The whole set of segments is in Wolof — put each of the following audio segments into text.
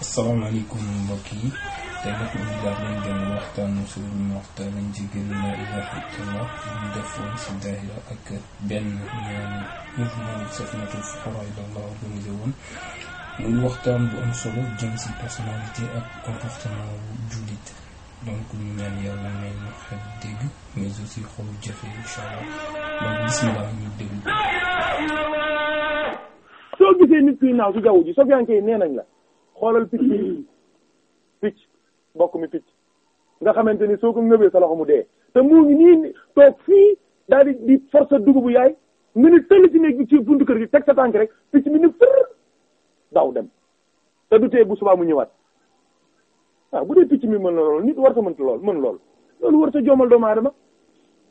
asalaamaaleykum mbokk yi te nag ñu daal leen gën a waxtaan suñu waxtaan lañ ci gën a ilahatullah ñu defoon si daahira ak benn ñaani ñëpp moom safinatul fuqaraa ilallah organisé woon muy waxtaan bu am solo si personnalité ak comportement bu jullit donc ñu ñaan yàlla may ñu xel dégg mais aussi xol jafe incha allah donc bismillah ñu xoolal picc picc bokk mi picc nga xamante ni soo ko ngëbee sa loxo mu dee te mu ngi nii toog fii daal di di force dugubu yaay nga ne tëll ci néeg bi ci buntu kër gi teg sa tànk rek picc mi ni fër daw dem te du tee bu subaa mu ñëwaat waaw ah, bu dee picc mi mën na lool nit war sa mënti lool mën lool loolu war sa joomal doomu aadama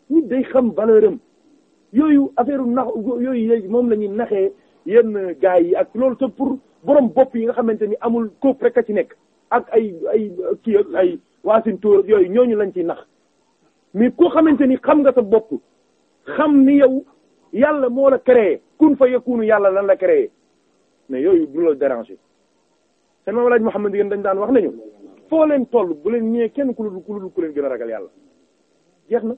nit day xam valeur yooyu affaire nax yooyu moom lañuy ñuy naxee yenn gars yi ak loolu sax pour borom bopp yi nga xamante ni amul kóob rek a ci nekk ak ay ay kii ak ay waasin tóor yooyu ñooñu lañ ciy nax mais koo xamante ni xam nga sa bopp xam ni yow yàlla moo la créé kun fa yakunu yàlla lan la créé mais yooyu du la déranger seen maam laaj dañ daan wax nañu foo leen toll bu leen ñëwee kenn ku lu ku lu ku leen ragal yàlla jeex na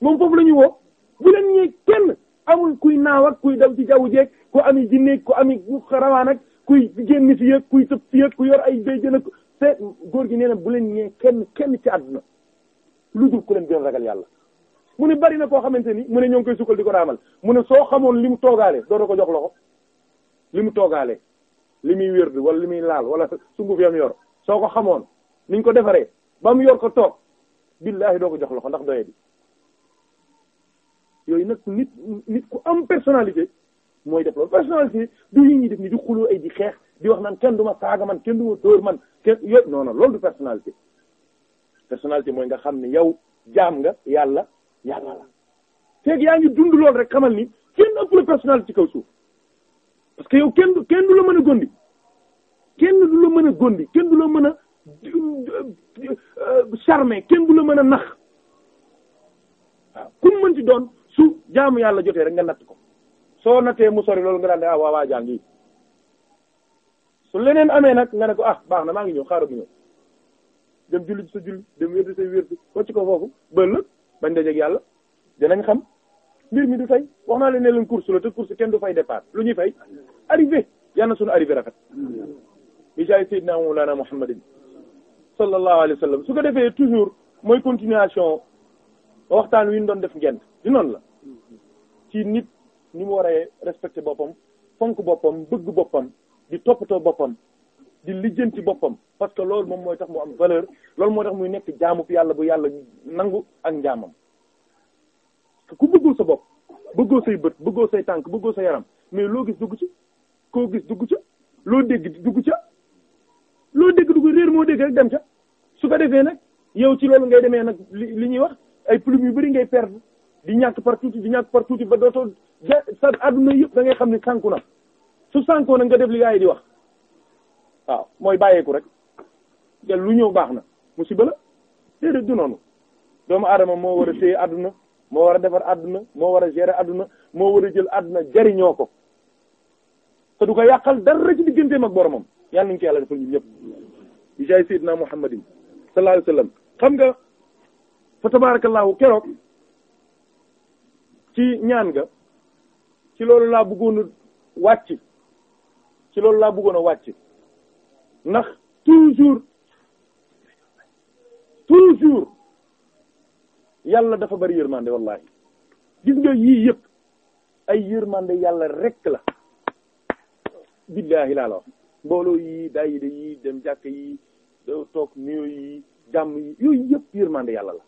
moom foofu la woo bu leen ñëwee kenn amul kuy naaw ak kuy daw ci jaww jeeg ku ami jinne ko ami rawaan ak kuy génn fi yëg kuy tëb fi ku yor ay béy na ak te góor gi nee na bu leen kenn kenn ci àdduna lu dul ku leen gën ragal yàlla mu ne bari na koo xamante ni mu ne ñoo ngi koy sukkal di ko raamal mu ne soo xamoon li mu toogaale doo ko jox loxo li mu toogaale li muy wér wala li muy laal wala sunguf yam yor soo ko xamoon niñ ko defaree ba mu yor ko toog billaahi doo ko jox loxo ndax doye bi nag ku am personnalité mooy def loolu personnalité du yi ñuy def ni di xuloo ay di xeex di wax naan kenn du ma saaga man kenn du ma dóor man kenn loolu du personnalité personnalité mooy nga xam ne yow jaam nga yàlla yàlla la feeg yaa ngi dund loolu rek xamal ni kenn ci kaw suuf parce que yow kenn kenn la mën a gondi kenn du la mën a gondi kenn du la mën a euh, charmer kenn du la mën a nax waaw kun mën ci doon su jaamu yàlla jotee rek nga natt ko soo natee mu sori loolu nga daan ne ah waa waa jàngi su leneen amee nag nga ne ko ah baax na maa ngi ñëw xaaral ñëw dem julli sa julli dem wérdi sa wérdi ko ci ko foofu ba bañ dajeeg yàlla dinañ xam mbir mi du fay wax naa leen ne leen course la te course kenn du fay départ lu ñuy fay arrivé yàlla na suñu arrivé rafet bi jaay sayyidina mawlana muhammadin sallallahu alayhi wa sallam su ko defee toujours mooy continuation waxtaan wi ñu doon def ngent noonu la ni mu waree respecté boppam fonk boppam bëgg boppam di toppatoo boppam di lijjanti boppam parce que loolu moom mooy tax mu am valeur loolu moo tax muy nekk jaamu fi yàlla bu yàlla nangu ak njaamam ku bëggul sa bopp bëggoo say bët bëggoo say tànk bëggoo sa yaram mais loo gis dugg ci koo gis dugg ca loo dégg dugg ca loo dégg dugg réer moo dégg rek dem ca su ko defee nag yow ci loolu ngay demee nag li li ñuy wax ay plume yu bari ngay perdre di ñàkk par tuuti di ñàkk par sa adduna yëpp da xam ni sànku na su sànkoo nag nga def li gaa di wax waaw mooy bàyyeeku rek lu ñëw baax na musiba la déedéet du noonu doomu adama moo war a téye adduna moo war a defar àdduna moo war a gérer adduna moo a jël àdduna jariñoo ko te du ko yàqal dara ci digganteem ak boromam yàlla nañu ko yàlla defal ñun ñëpp bi jaay sayyidina muhammadin sallallahu alayhi wasallam xam nga fa tabarakallahu keroog ci ñaan nga ci loolu laa bëggoon wàcc ci loolu laa bëggoon wàcc ndax toujours toujours yàlla dafa bari yërmande wallahi gis nga yii yëpp ay yërmande yàlla rekk la billaahi laa la wax mbooloo yii daayida yii dem jàkk yii toog nuyoo yii jàmm yii yooyu yëpp yërmande yàlla la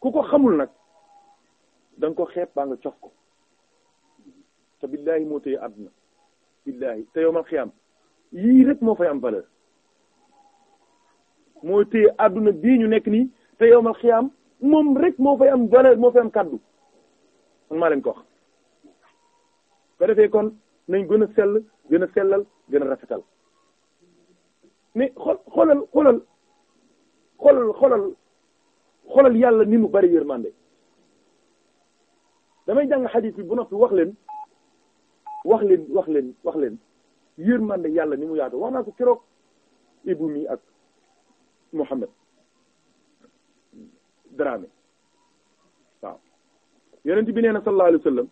ku ko xamul nag da ko xeeb baa nga cof ko te billaahi moo téye àdduna billaahi te yow ma yii rek moo fay am valeur moo téye àdduna bii ñu nekk nii te yow ma moom rek moo fay am valeur moo fay am kaddu man maa leen ko wax defee kon nañ gën a sell gën a sellal gën a rafetal mais xol xolal xolal xolal xolal xolal yàlla ni mu bari yërmande damay jàng xadiis bi bu noppi wax leen wax leen wax leen wax leen yërmande yàlla ni mu yaatu wax naa ko keroog Ibou mi ak Mouhamed Dramé waaw yonent bi nee na sallallahu alayhi wa sallam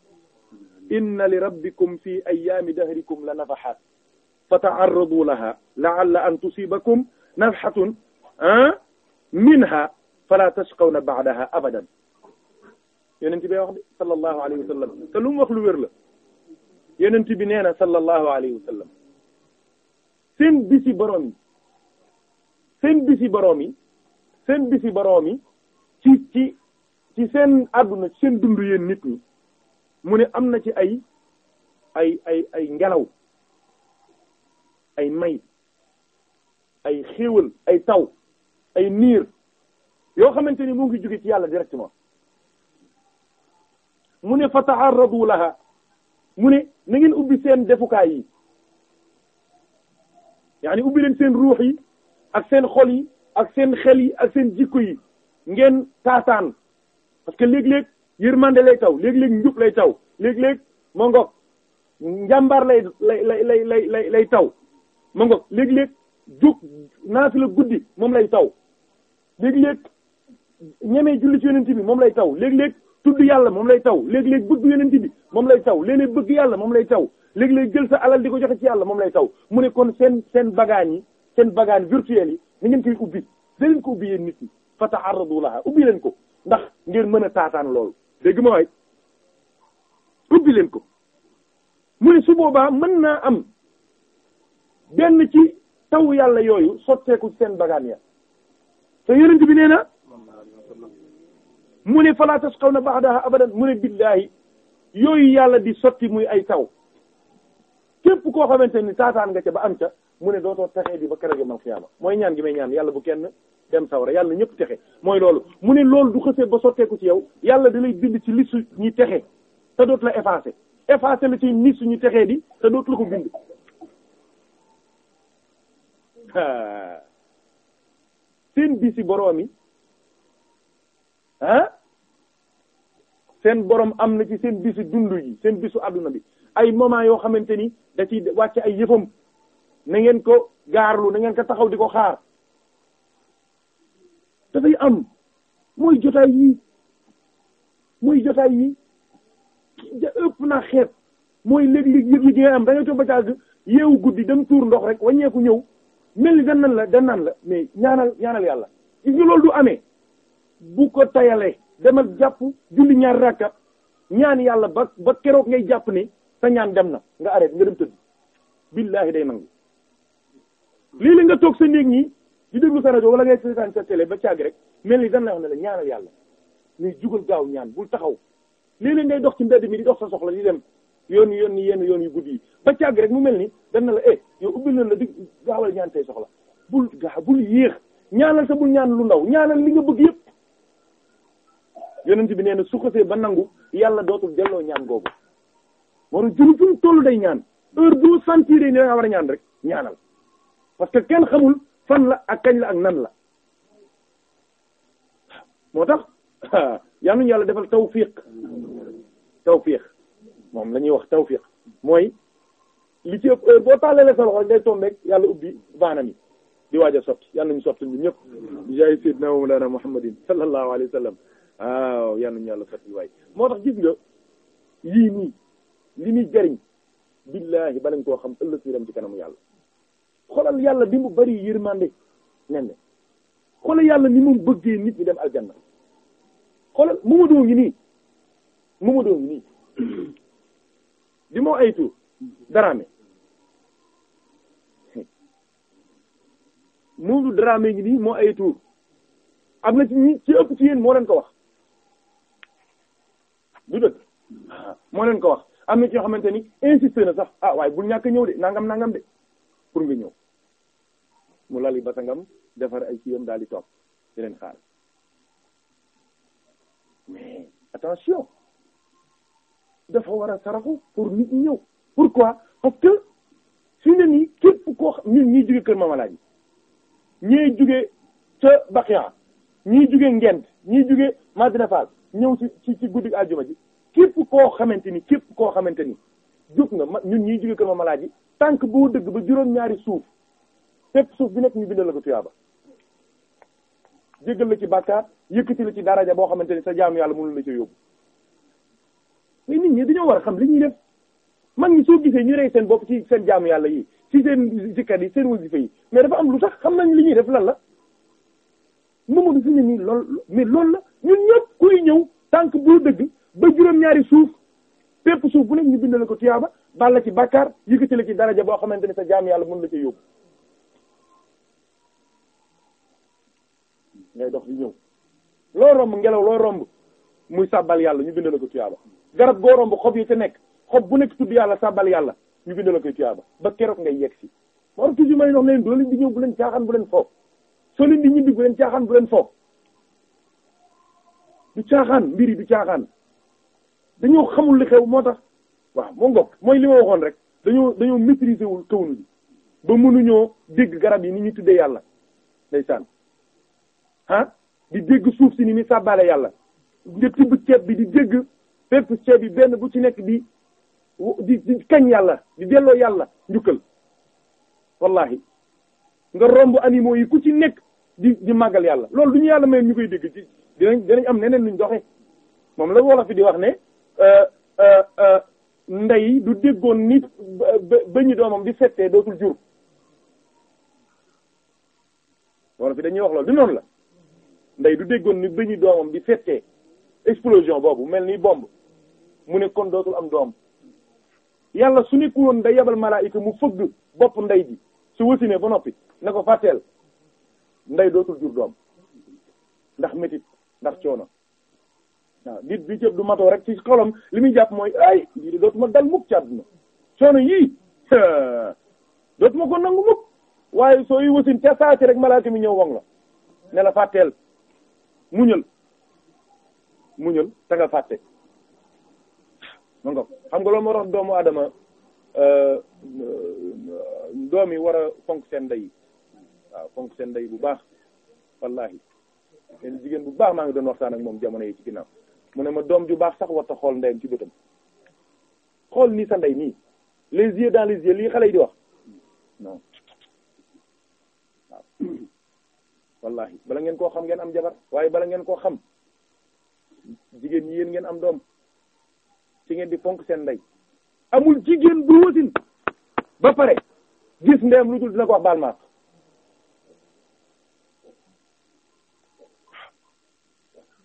inna li rabbikum fi ayyaami dahrikum la nafahaat fa ta'arradu laha la'alla an tusibakum nafhatun ah, minha fala tashqawna ba'daha abadan yonent bi wax de sallallahu alayhi wa sallam te lu mu wax lu wér la yonent bi neena na sallallahu alayhi wa sallam seen bisi boroom seen bisi boroom yi seen bisi boroom ci ci ci seen àdduna ci seen dund yéen nit ñi mu ne am na ci ay ay ay ay ngelaw ay may ay xéewal ay taw ay niir yoo xamante ni mu ngi jóge ci yàlla directement mu ne fa taharradu laha mu ne na ngeen ubbi seen defukaay yi yaani ubbi leen seen ruux yi ak seen xol yi ak seen xel yi ak seen jikko yi ngeen taataan parce que léeg-léeg yërmande lay taw léeg-léeg njub lay taw léeg-léeg ma ngoog njàmbaar lay lay lay lay lay taw ma ngoog léeg-léeg jóg la guddi moom lay taw léeg-léeg ñemee julli ci moom lay taw léeg tudd yàlla moom lay taw léeg-léeg bëgg yonent bi moom lay taw léeg-léeg bëgg moom lay taw léeg-léeg jël sa alal di ko joxe ci yàlla moom lay taw mu ne kon seen seen bagaan yi seen bagaan virtuel yi ni ngeen koy ubbi da leen ko ubbi yéen nit ñi fa ta'arradu laha ubbi leen ko ndax ngeen mën a taataan loolu dégg ma waay ubbi leen ko mu ne su boobaa mën naa am benn ci taw yàlla yooyu sotteeku seen bagaan ya te yonent bi nee mu ne fala tasqawna ba'daha abadan mu ne billaahi yooyu yàlla di sotti muy ay saw képp koo xamante ni taataan nga ca ba am ca mu ne dootoo texee di ba keroog yomal xiyaama mooy ñaan gi may ñaan yàlla bu kenn dem sawra yàlla ñëpp texe mooy loolu mu ne loolu du xësee ba sotteeku ci yow yàlla da lay bind ci listu ñi texe te dootu la effacé effacé la ci listu ñi texee di te dootu la ko bind seen bi si boroom yi ah seen borom am na ci seen bisu dund yi seen bisu àdduna bi ay moment yoo xamante ni da ciy wàcc ay yëfam na ngeen ko gaarlu na ngeen ko taxaw di ko xaar dafay am mooy jotaay yi mooy jotaay yi ja ëpp naa xeet mooy léeg-léeg yëg-yëg yi am da ngay a ba caag yeewu guddi dem tuur ndox rek wàññeeku ñëw mel ni dan nan la dan nan la mais ñaanal ñaanal yàlla gis nga loolu du amee bu ko tayalee demal jàpp julli ñaar rakkat ñaan yàlla ba ba keroog ngay jàpp ni sa ñaan dem na nga arrêté nga dem tëdd billaahi day nangu lii nga toog sa néeg ñi di déglu sa rajo wala ngay seetaan sa télé ba caag rek mel ni dan la wax ne la ñaanal yàlla ngay jugal gaaw ñaan bul taxaw léeg ngay dox ci mbedd mi di dox sa soxla di dem yoon yoon ni yenn yoon yu guddi yi ba caag rek mu mel ni dan na la eh yow ubbil na la di gaawal ñaan say soxla bul gaa bul yéex ñaanal sa ñaan lu ndaw ñaanal li nga yonent bi nee na su ba nangu yàlla dootul delloo ñaan googu war a juru day ñaan heure boo sentir ni da war a ñaan rek ñaanal parce que kenn xamul fan la ak kañ la ak nan la moo tax yal nañu yàlla defal tawfiq tawfiq moom lañuy ñuy wax tawfiq mooy li ci ëpp heure boo tàllalee sa loxo rek day yàlla ubbi baanam yi di waaj a sotti sot nañu sotti ñun ñëpp jaay sayyidina wa mawlana muhammadin sallallahu alayhi sallam waaw yal nañu yàlla fat yi waay moo tax gis nga lii nii li muy jariñ billaahi ba lañ koo xam ëllëg ci kanamu yàlla xoolal yàlla bi mu bari yërmande nen ne yàlla ni mu bëggee nit ñi dem aljanna xoolal mu ma doo ngi nii mu ma doo ngi nii di moo ay tur daraame Moodu daraame ngi nii moo ay tur am na ci ñi ci ëpp ci yéen moo leen ko wax du dëgg moo leen ko wax am na ci yoo xamante ni insisté na sax ah waaye bul ñàkk ñëw de nangam nangam de pour nga ñëw mu lali basangam defar ay kiyam daal di toog di leen xaar mais attention dafa war a saraxu pour nit ñëw pourquoi parce que suñu képp koo xam ñun ñii jóge kër Mamalaaji ñii jóge ca Bakhia ñii jóge Ngent ñii jóge Madina Fall ñëw si ci ci guddi aljuma ji képp koo xamante ni képp koo xamante ni jóg nga ma ñun ñuy jóge kër ma malaaji tànk boo dëgg ba juróom-ñaari suuf fépp suuf bi nekk ñu bindal la ko tuyaaba jéggal la ci bàkkaar yëkkati la ci daraja boo xamante ni sa jaamu yàlla mënul la ci yóbbu mais nit ñi dañoo war a xam li ñuy def man ñi soo gisee ñu rey seen bopp ci seen jaamu yàlla yi ci seen zikkat yi seen wasifa yi mais dafa am lu tax xam nañ li ñuy def lan la Mamadou fi ne nii loolu la ñun ñëpp kuy ñëw tànk boo dëgg ba juróom-ñaari suuf pepp suuf bu nekk ñu bindal ko tuyaaba bal la ci bàkkaar yëkkati la ci daraja boo xamante ne sa jaam yàlla mën la ca yóbbu ngay dox di ñëw loo romb ngelaw loo romb muy sàbbal yàlla ñu bindal ko tuyaaba garab goo romb xob yi ca nekk xob bu nekk tudd yàlla sàbbal yàlla ñu bindal ko tuyaaba ba keroog ngay yegg si moo tax toujours may dox leen doo leen ñëw bu leen caaxaan bu leen foofu soo leen di mindi bu leen caaxaan bu leen foog du caaxaan mbir du caaxaan dañoo xamul li xew moo tax waaw moo ngokk mooy li ma waxoon rek dañoo dañoo maîtriser wul bi ba mënuñoo dégg garab yi ni ñu tuddee yàlla ndeysaan ah di dégg suuf si ni mi sàbbaale yàlla nga tibb ceeb bi di dégg fépp ceeb yi benn bu ci nekk bi di di kañ yàlla di delloo yàlla njukkal wallahi nga romb animaux yi ku ci nekk di di màggal yàlla loolu du ñu yàlla may ñu koy dégg ci dinañ dinañ am neneen luñ doxee moom la wolof fi di wax ne ndey du déggoon ni ba ñu doomam di settee dootul jur wolof dañuy wax loolu du noonu la nit ba ñu doomam di settee explosion boobu mel ni bombe mu ne kon dootul am doom yàlla su nekkul woon day yebal malaayika mu fëgg bopp ndey ji su wasine ba noppi na ko fàtteel nday dootul jur doom ndax métit ndax coono waaw nit bi jëb du matoo rek ci xolom li muy jàpp mooy ay lii de dootuma dal mukk ci àdduna coono yii dootuma ko nangu mukk waaye soo yi wasin ca saa ci rek malaaka mi ñëw woŋ la ne la fàtteel muñal muñal te nga fàtte man xam nga loolu moo tax doomu adama euh, euh, doom yi war a fonk seen ndey waaw fonk seen ndey bu baax wallahi leen jigéen bu baax maa ngi doon waxtaan ak moom jamono yi ci ginnaaw mu ne ma doom ju baax sax warta xool ndeyam ci bëtam xool nii sa ndey nii les yeux dans les yeux lii xale yi di wax non waaw wallahi bala ngeen koo xam ngeen am jabar waaye bala ngeen koo xam jigéen ñi yéen ngeen am doom ci ngeen di fonk seen ndey amul jigéen bu wasin ba pare gis ndeyam lu dul dina ko wax baal maak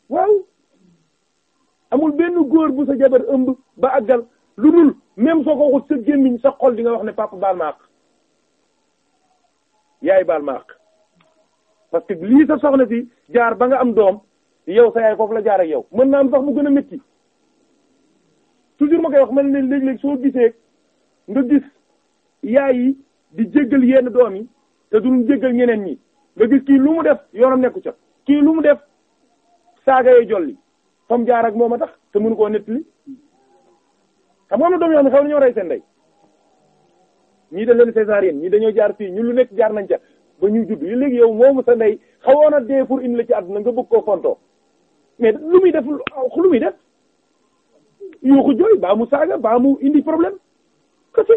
waaw amul benn góor bu sa jabar ëmb ba àggal lu dul même soo ko waxut sa gémmiñ sa xol di nga wax ne papa baal yaay baal ma àq parce que lii sa soxna si jaar ba nga am doom yow sa yaay foofu la jaar ak yow mën naa am sax mu gën a métti toujours ma koy wax man leen léeg-léeg soo gisee nga gis yaay yi di jéggal yenn doom yi te duñu jéggal ñeneen ñi nga gis kii lu mu def yoonam nekku ca kii lu mu def saaga yooyu jolli fam jaar ak moom a tax te mënu koo nettali xam nga am na doom yoo xam ne xaw nañoo rey seen ndey ñii def leen ñii dañoo jaar fii ñu lu nekk jaar nañ ca ba ñu judd léegi yow moomu sa ndey xawoon a dee pour indi la ci àdduna nga bëgg koo fontoo mais lu muy def lu muy def yuuxu jooy baa mu saaga baa mu indi problème kasi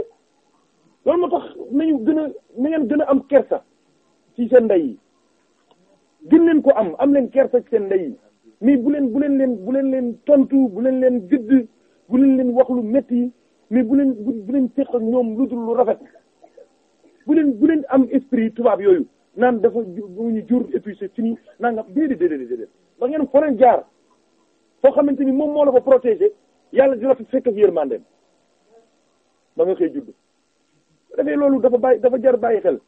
loolu moo tax nañu gën a na gën a am kersa ci seen ndey yi gën leen ko am am leen kersa seen ndey mais bu leen bu leen leen bu leen leen tontu bu leen leen gëdd bu leen leen wax lu metti mais bu leen bu leen seq ak ñoom lu dul lu rafet bu leen bu leen am esprit tubaab yooyu naan dafa ñu jur et puis c'est fini naan nga déedéet déedéet ba ngeen foo leen jaar foo xamante ni moom moo la ko protégé yàlla di la fa fekk ak ba nga koy judd. dafay loolu dafa bàyyi dafa jar bàyyi xel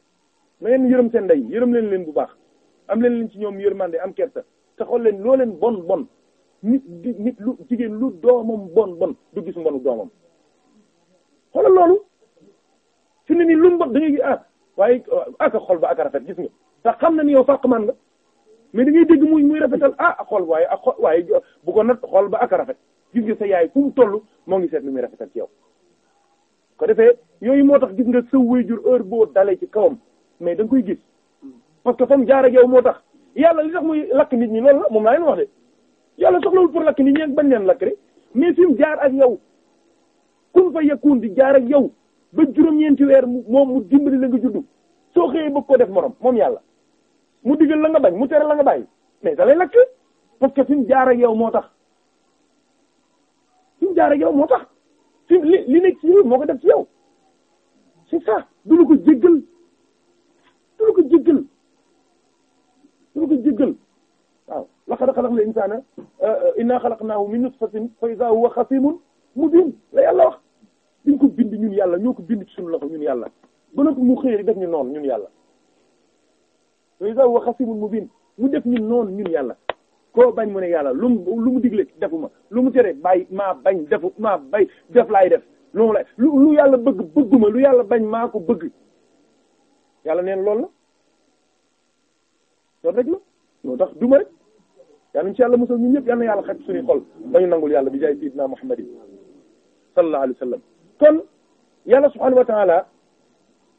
na ngeen yërëm seen ndey yërëm leen leen bu baax am leen leen ci ñoom yërmande am kersa. te xool leen loo leen bon bon nit nit lu jigéen lu doomam bon bon du gis mbonu doomam xoolal loolu fi ne nii lu mbon da ngay ah waaye ah, aka xool ba aka rafet gis nga xam na ni yow man nga mais da ngay dégg muy muy rafetal ah waaye ah, waaye bu ko nat ba aka rafet gis sa yaay fu mu toll moo ngi seet lu muy rafetal ci yow ko defee yooyu moo tax gis nga sa wéyjur heure boo dalee ci kawam mais da koy gis parce que jaar ak yow moo tax yàlla li tax muy lakk nit ñi loolu la moom laa leen wax de yàlla soxlawul pour lakk nit ñi ak bañ leen lakk rek mais fi mu jaar ak yow kun fa yakun di jaar ak yow ba juróom-ñeenti weer moom mu dimbali la nga juddu soo xëyee bëgg ko def morom moom yàlla mu digal la nga bañ mu tere la nga bàyyi mais da lay lakk parce que mu jaar ak yow moo tax fi mu jaar ak yow moo tax fi li li nekk ci moo ko def si yow c'est ça du la dama koy jéggal waaw laqad xalaqnal insaana euh, innaa xalaqnaahu min nutfatin fa izaa huwa xasiimun mubiin la yàlla wax dañ ko bind ñun yàlla ñoo ko bind ci suñu loxo ñun yàlla ba noppi mu xëy def ñu noonu ñun yàlla fa izaa huwa xasiimun mubiin mu def ñun noonu ñun yàlla koo bañ mu ne yàlla lu mu lu mu digle defuma lu mu tere bàyyi maa bañ defu maa bay def laay def lu mu lay lu lu yàlla bëgg bëgguma lu yàlla bañ maa ko bëgg yàlla neen loolu la loolu rek la loolu tax duma rek yal nañu ci yàlla musal ñun ñëpp yàlla xaj suñuy xol dañu nangul yàlla bi jaay sayyidina Muhammad yi sallallahu alayhi kon yàlla subhanahu wa ta'ala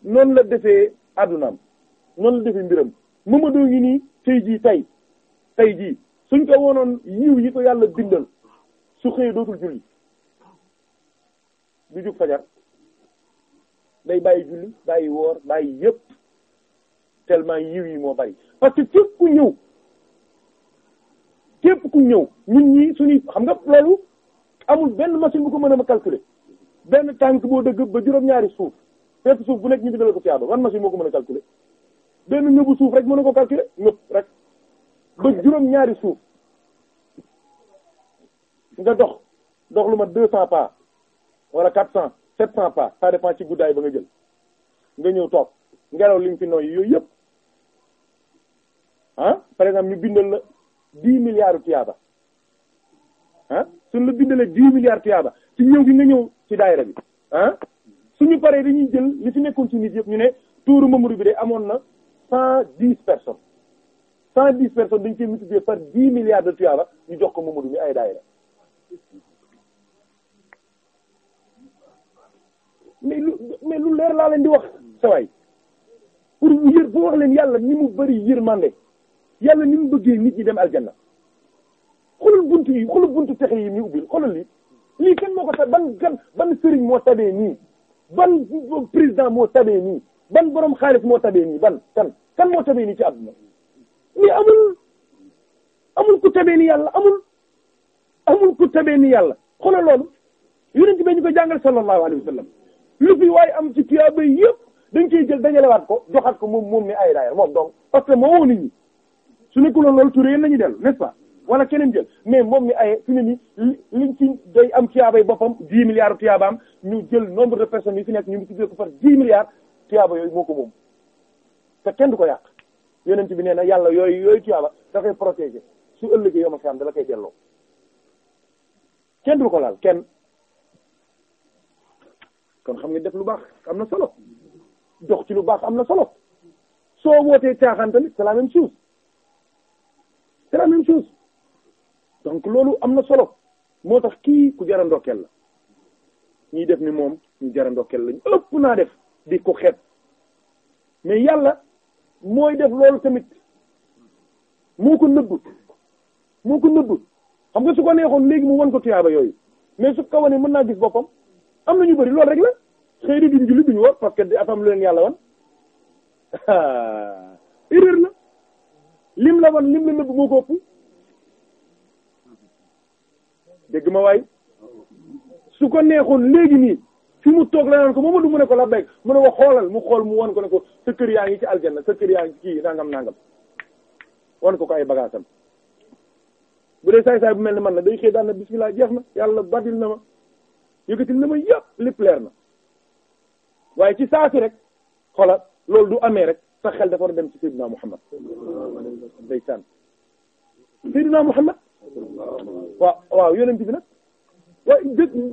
la defee addunaam noonu la defee mbiram Mamadou ngi nii tey jii tey tey jii suñ ko wonoon yiw yi ko yàlla bindal su xëyee dootul julli du jóg fajar day bàyyi julli bàyyi woor bàyyi yëpp tellement yiw yi moo bari parce képp ku ñëw képp ku ñëw ñun ñii suñuy xam nga loolu amul benn machine bu ko mën a ma calculer benn tànk boo dëgg ba juróom suuf fépp suuf bu nekk ñu bindal ko tiyaaba ban machine moo ko mën a calculer benn ñëbu suuf rek mën na ko calculer ñëpp rek ba juróom-ñaari suuf nga dox dox lu ma deux cents pas wala quatre cents sept cents pas ça dépend ci guddaay ba nga jël nga ñëw toog ngelaw li nga fi noyyi yooyu yëpp ah par exemple ñu bindal la dix milliards tiyaaba ah suñ la bindalee dix milliards tiyaaba ci ñëw gi nga ñëw ci daayira bi ah suñu paree dañuy jël li fi nekkoon ci nit ñu ne tuuru Mamadou bi de amoon na cent dix personnes cent dix personnes dañ koy multiplier par dix milliards de tiyaaba ñu jox ko Mamadou bi ay daayira mais lu mais lu leer laa leen di wax saway pour yër boo wax leen yàlla ni mu bari yërmande yàlla ni mu bëggee nit ñi dem aljanna xoolal buntu yi xoolal buntu texe yi mu ubbil xoolal lii lii kenn moo ko tax ban gan ban sëriñ moo tabee nii ban président moo tabee nii ban borom xaalis moo tabee nii ban kan kan moo tabee nii ci àdduna mais amul amul ku tabee ni yàlla amul amul ku tabee ni yàlla xoolal yu ne bi ñu ko jàngal sallallahu alayhi wa sallam lu fi waaye am ci tuyaaba yëpp dañ koy jël dajalewaat ko joxaat ko moom moom ni ay daayal moom donc su nekkuloon loolu Touré yéen la ñuy dellu nest pas wala keneen jël mais moom mi aye fi ne ni liñ ci day am tiyaabay boppam 10 milliards tiyaabaam ñu jël nombre de personnes yi fi nekk ñu ngi tuddee ko par 10 milliards tiyaaba yooyu moo ko moom te kenn du ko yàq yonent bi nee na yàlla yooyu yooyu tiyaaba dafay protéger su ëllëgee yoma fi am dala koy delloo kenn du ko laal kenn kon xam nga def lu baax am na solo dox ci lu baax am na solo soo wootee caaxaan c'est la même chose donc loolu am na solo moo tax kii ku jara ndokkeel la ñiy def ni moom ñu jara ndokkeel lañ ëpp naa def di ko xeeb mais yàlla mooy def loolu tamit moo ko nëbb moo ko nëbb xam nga su ko neexoon léegi mu wan ko tuyaaba yooyu mais su ko wane mën naa gis boppam am na ñu bari loolu rek la xëy na duñ julli duñ war parce que di afam lu leen yàlla wan erreur la lim la wan lim la nëbb moo ko ëpp dégg ma waay su ko neexoon léegi nii fi mu toog la naan ko Mamadou mu ne la béy mu ne ko xoolal mu xool mu wan ko ne ko sa kër yaa ngi ci aljanna sa kër yaa ngi ci kii nangam nangam wan ko ko ay bagaasam bu dee saay saay bu mel ni man na day xëy daan na bismillah jeex na yàlla badil na ma yëkkatil na ma yëpp lépp leer na waaye ci saa rek xoolal loolu du amee rek sa xel dafa war a dem ci Seydina Muhammad waaw waaw yonent bi nag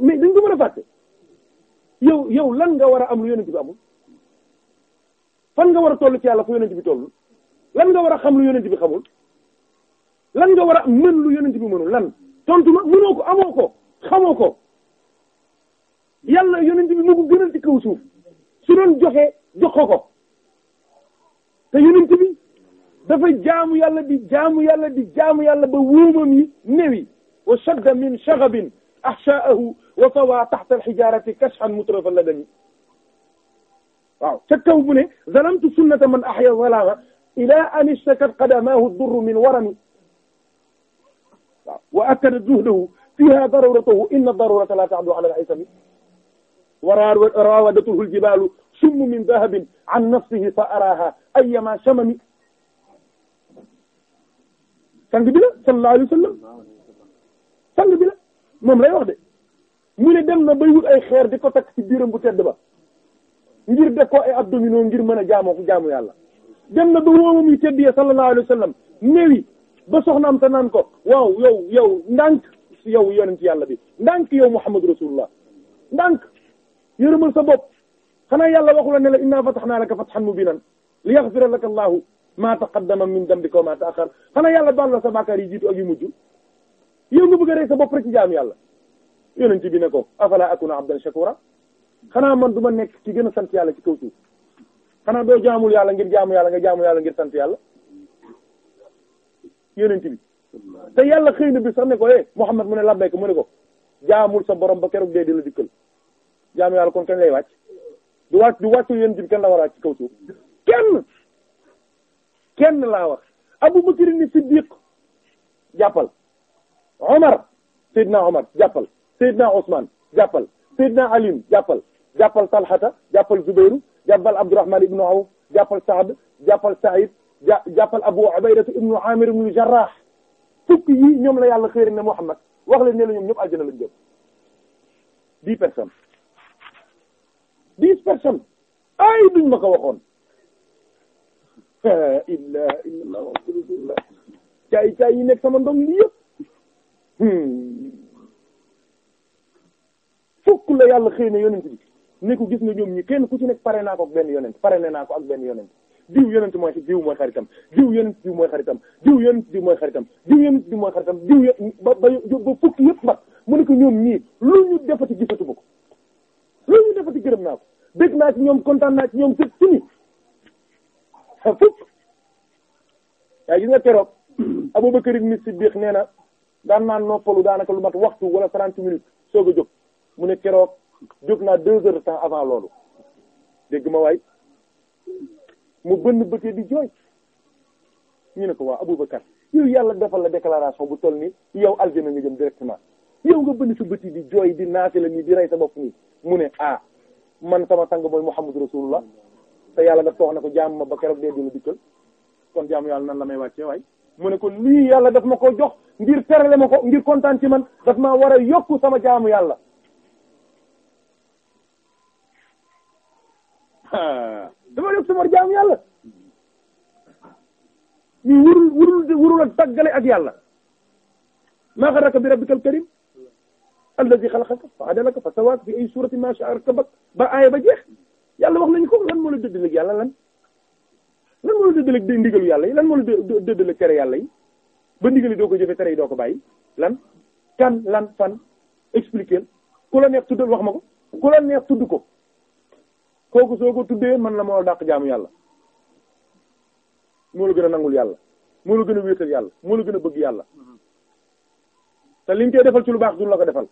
mais dañ ko mën a fàtte yow yow lan nga war a am lu yonent bi amul fan nga war a toll ci yàlla fu yonent bi toll lan nga war a xam lu yonent bi xamul lan nga war a mën lu yonent bi mënul lan tontu ma mënoo ko amoo ko xamoo yàlla yonent bi mu ko gënal ci kaw suuf su doon joxe jox ko te yonent bi dafa jaamu yàlla di jaamu yàlla di jaamu yàlla ba wóomam yi newi wa shadda min shagabin ahshaahu wa sawa taxta alxijarati kashfan mutrafa ladami waaw ca kaw bu ne zalamtu sunnata man ahya zalama ila an ishtakat qadamahu durru min warami waaw wa akkada juhdahu fiha daruratahu inna darurata la taadu ala al-aysami wa rawadatuhu al-jibalu summu min dahabin an nafsihi fa araha ayyama samami sang bi la sallallahu alayhi bi la moom lay wax de mu ne dem na bay wut ay xeer di ko takk ci biiram bu tedd ba ngir def ko ay abdominaux ngir mën a jaamoo ko jaamu yàlla dem na ba woomam yi tedd ya sallallahu alayhi wa sallam ba soxnaam sa naan ko waaw yow yow ndànk yow yonent yàlla bi ndànk yow muhammad rasulullah ndànk yërëmal sa bopp xanaa yàlla waxu la ne la inna fatahnaa laka mu mubiinan li yaghfira laka Allahu ma taqaddama min dambika wa ma ta'akhkhar xanaa yàlla baal la sa bàkkaar yi jiitu ak yu mujj yow nga bëgg a rey sa bopp rek ci jaam yàlla yonent bi ne ko afala akuna abdan shakura xanaa man duma nekk ci gën a sant yàlla ci kaw suuf xanaa doo jaamul yàlla ngir jaamu yàlla nga jaamu yàlla ngir sant yàlla yonent bi te yàlla xëy na bi sax ne ko eh Muhammad mu ne labbayka mu ne ko jaamul sa borom ba keroog dee di la dikkal jaamu yàlla kon kañ lay wàcc du wàcc du wàccu yonent bi kenn la war a wàcc ci kaw suuf kenn kenn laa wax Abu Bakr ni Siddiq jàppal Omar Seydina Omar jàppal Seydina Ousmane jàppal Seydina Alim jàppal jàppal Talhata jàppal Zubayru jàppal Abdurrahman ibnu Awf jàppal Saad jàppal Saïd ja jàppal Abu Ubayda ibnu Amir ibnu Jarrah fukk yi ñoom la yàlla xëyri ne Muhammad wax leen ne la ñoom ñëpp aljana lañ jëm dix personnes dix personnes ay duñ ma ko waxoon la ilaha illallah wa rasulullah caay caay yi nekk sama ndong li yëpp hmm. fokk la yàlla xëy na yonent bi ne ko gis nga ñoom ñi kenn ku ci nekk pare naa ko ak benn yonent pare naa ko ak benn yonent diw yonent mooy diw mooy xaritam diw yonent diw mooy xaritam diw yonent diw mooy xaritam diw yonent diw mooy xaritam diw ba ba ba fukk yëpp mat mu ne ko ñoom ñii lu ñu defati gisatuma ko lu ñu Ah, fukk waaye gis nga keroog Abubakar ibn Siddiq nee na daan naa noppalu naka lu mat waxtu wala trente minutes soog a jóg mu ne keroog jóg naa deux heures de temps avant loolu dégg ma waay mu bënn bëtee di jooy ñu ne ko waa Abubakar yow yàlla defal la déclaration bu toll nii yow aljana nga jëm directement yow nga bënn sa bët yi di jooy di naase la nii di rey sa bopp nii mu ne ah man sama sang mooy Muhammadu Rasulullah te yàlla daf ko wax ne ko jaam ma ba keroog dee dina dikkal kon jaamu yàlla nan la may wàccee waay mu ne ko lii yàlla daf ma ko jox ngir terale ma ko ngir kontaan ci man daf maa war a yokku sama jaamu yàlla dama yokk sama jaamu yàlla ñu wurul wurul wurul ak tàggale ak yàlla maa gharraka bi rabbikal karim alladhi khalaqaka fa adalaka fa sawwaka fi ay surati ma sha'a rakkabak ba aaya ba jeex yàlla wax nañu ko lan moo la dëddale ak yàlla lan lan moo la dëddale ak ndigalu yàlla yi lan moo la dëddale tere yàlla yi ba ndigal doo ko jëfe tere yi doo ko bàyyi lan kan lan fan expliquer ku la neex tuddal wax ma ko ku la neex tudd ko kooku soo ko tuddee man la moo dàq jaamu yàlla moo la gën a nangul yàlla moo la gën a wéetal yàlla moo la gën a bëgg yàlla mm-hmm. te liñ koy defal ci lu baax du la ko defal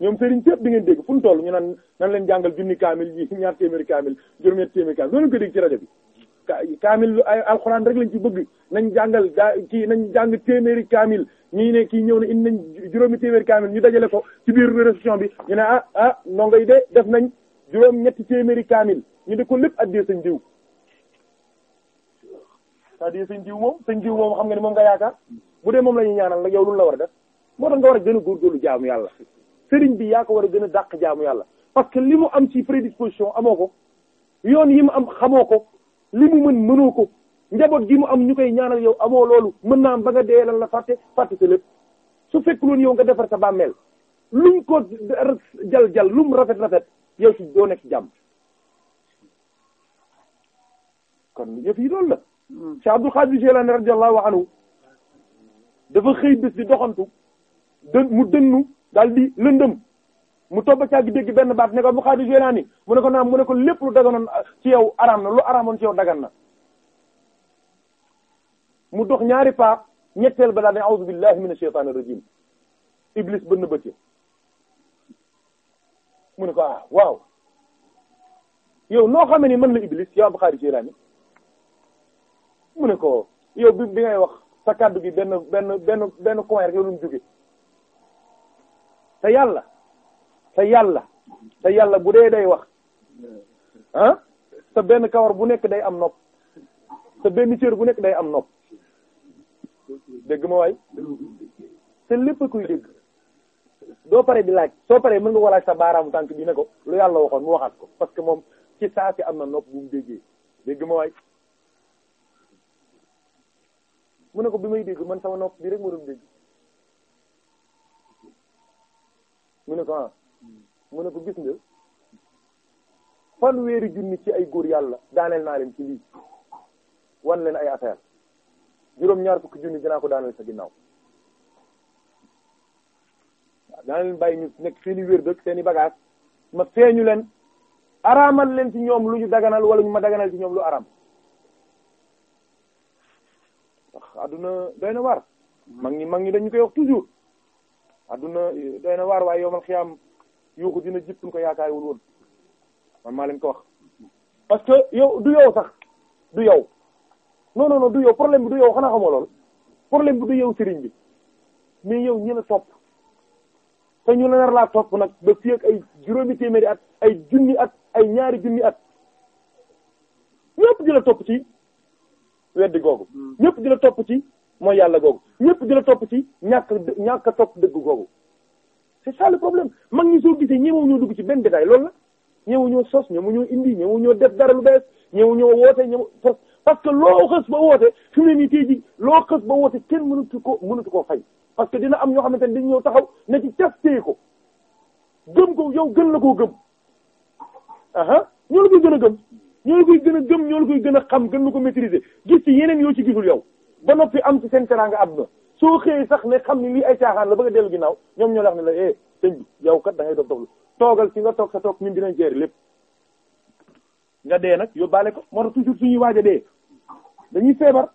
ñoom sëriñ sëpp di ngeen dégg fu ñu toll ñu naan nan leen jàngal junni kaamil yi ñaar téeméeri kaamil juróom-ñetti téeméeri kaamil loolu ko dégg bi kaamil ay alxuraan ci bëgg nañ jàngal daa kii nañ jàng téeméeri kaamil ñii ne kii ñëw na indi nañ juróomi kaamil ñu dajale ko ci biir réception bi ñu ne ah ah yi de def nañ juróom ñetti téeméeri kaamil ñu di ko lépp addee sañ diw addee sañ diw moom sañ diw moom xam nga ni moom nga yaakaar bu dee moom la ñuy ñaanal nag yow lu la war a def moo tax nga war a gën a góorgóorlu jaamu yàlla sëriñ bi yaa ko war a gën a dàq jaamu yàlla parce que li mu am ci prédisposition amoo ko yoon yi mu am xamoo ko li mu mën mënoo ko njaboot gi mu am ñu koy ñaanal yow amoo loolu mën naa am ba nga dee lan la fàtte fàtte sa lépp su fekkuloon yow nga defar sa bàmmeel lum ko jal jal lum rafet rafet yow ci doo nekk jàmm kon yëf yi loolu la hmm. Cheikh Abdul Qadir Jilani radiyallahu anhu dafa xëy bés di doxantu dë mu dënnu daal di lëndëm mu toog ba dégg benn baat ne ko bu xaadi Jeylaani mu ne ko naam mu ne ko lépp lu daganoon ci yow araam na lu araamoon ci yow dagan na mu dox ñaari paa ñetteel ba daal ne a'uuzu billahi minash shaytaanir rajiim iblis bënn bëccëg mu ne ko ah waaw yow noo xamee ni mën la iblis yow bu xaadi Jeylaani mu ne ko yow bi bi ngay wax sa kaddu gi benn benn benn benn coin rek yow mu jóge te yàlla te yàlla te yàlla bu dee day wax ah sa benn kawar bu nekk day am nopp sa benn cër bu nekk day am nopp dégg ma waay te lépp kuy dégg doo pare di laaj soo paree mën nga ko laaj sa baaraamu tànk bi ne ko lu yàlla waxoon mu waxaat ko parce que moom ci saa si am na nopp bu mu déggee dégg ma waay mu ne ko bi may dégg man sama nopp bi rek ma doon dégg mu ne ko ah mu ne ko gis nga fanweeri junni ci ay góor yàlla daaneel naa leen ci lii wan leen ay affaire juróom ñaar fukki junni dinaa ko daaneel sa ginnaaw waaw bàyyi ñu nekk seeni wér dëkk seeni bagage ma feeñu leen araamal leen ci ñoom lu ñu daganal wala ñu ma daganal ci ñoom lu araam adduna doy na war mag ñi mag ñi dañu koy wax toujours adduna doy na waar waaye yowmal xiyaam yuuxu dina jëpp ñu ko yaakaarewul woon man maa ko wax parce que yow du yow sax du yow non non non du yow problème bi du yow xanaa xamoo lool problème bi du yow sëriñ bi mais yow ñi la topp te ñu la nar laa topp nag ba fii ak ay juróomi téeméeri at ay junni at ay ñaari junni at ñëpp di la topp ci weddi googu hmm. ñëpp di la topp ci mooy yàlla googu ñëpp di la topp ci ñàkk ñàkk topp dëgg googu si ça le problème mag ñi soo gisee ñeewu ñoo dugg ci benn détail loolu la ñeewu ñoo sos ñeewu ñoo indi ñeewu ñoo def dara lu bees ñeewu ñoo woote ñeewu parce que loo xës ba woote fi mu ne nii tey jii loo xës ba woote kenn mënatu ko mënatu koo fay parce que dina am ñoo xamante ne dañu ñëw taxaw na ci testé ko gëm ko yow gën la koo gëm aha ñoo la koy gën a gëm ñoo la koy gën a gëm ñoo la koy gën a xam gën la ko maîtriser gis ci yeneen yoo ci yow ba noppi am ci seen teraanga àdduna soo xëyee sax ne xam ne lii ay caaxaan la bëgg a dellu ginnaaw ñoom ñoo la ne la eh sëñ bi yow kat da ngay doog doog toogal ci nga toog sa toog ñun dinañ gérer lépp nga dee nag yóbbaale ko moo tax toujours suñuy waaj a dee dañuy feebar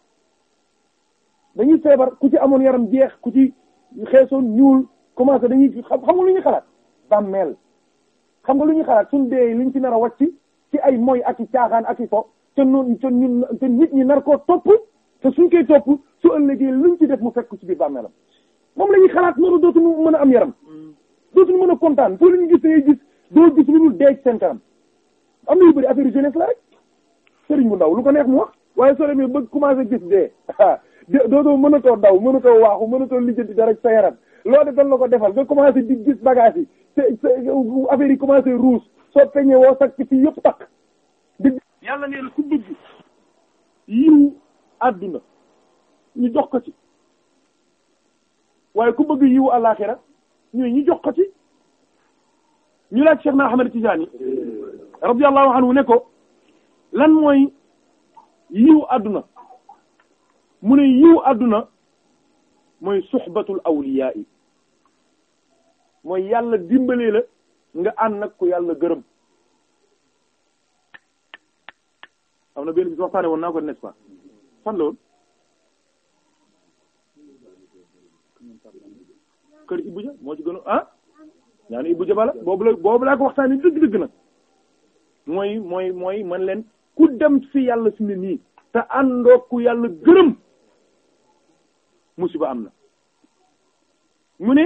dañuy feebar ku ci amoon yaram jeex ku ci xeesoon ñuul commencé dañuy xam xam nga lu ñuy xalaat bàmmeel xam nga lu ñuy xalaat suñ dee liñ ci nar a wàcc ci ay moy ak i caaxaan ak i fo te noonu te ñi nar koo te suñ koy topp su ëllëgee luñ ci def mu fekk ci biir bàmmeelam moom la ñuy xalaat loolu dootuñu mën a am yaram dootuñu mën a kontaan foo leen gis da ngay gis doo gis lu dul deej seen kanam am na yu bëri affaire jeunesse la rek sëriñ bu ndaw lu ko neex mu wax waaye soo demee ba commencé gis dee dootoo mënatoo daw mënatoo waaxu mënatoo di dara sa yaram loolu dañ la ko defal nga commencé di gis bagage yi te affaire yi commencé ruus soo peñee woo sakk ci àdduna ñu jox ko ci waaye ku bëgg yiwu àllaaxira ñooy ñu jox ñu laaj Cheikh na Ahmed Tidiane radiyallahu anhu ne ko lan mooy yiwu àdduna mu ne yiwu àdduna mooy suxbatul awliyaa mooy yàlla dimbalee la nga ànd ak ko yàlla gërëm am na benn bis waxtaane woon ko n'est-ce fan la woon kër Ibou Dia moo ci gën a ah ñaanu Ibou Dia bala boobu la boobu laa ko waxtaanee dëgg-dëgg nag mooy mooy man leen ku dem ci yàlla ci ne nii te àndoo ku yàlla gërëm musiba am na mu ne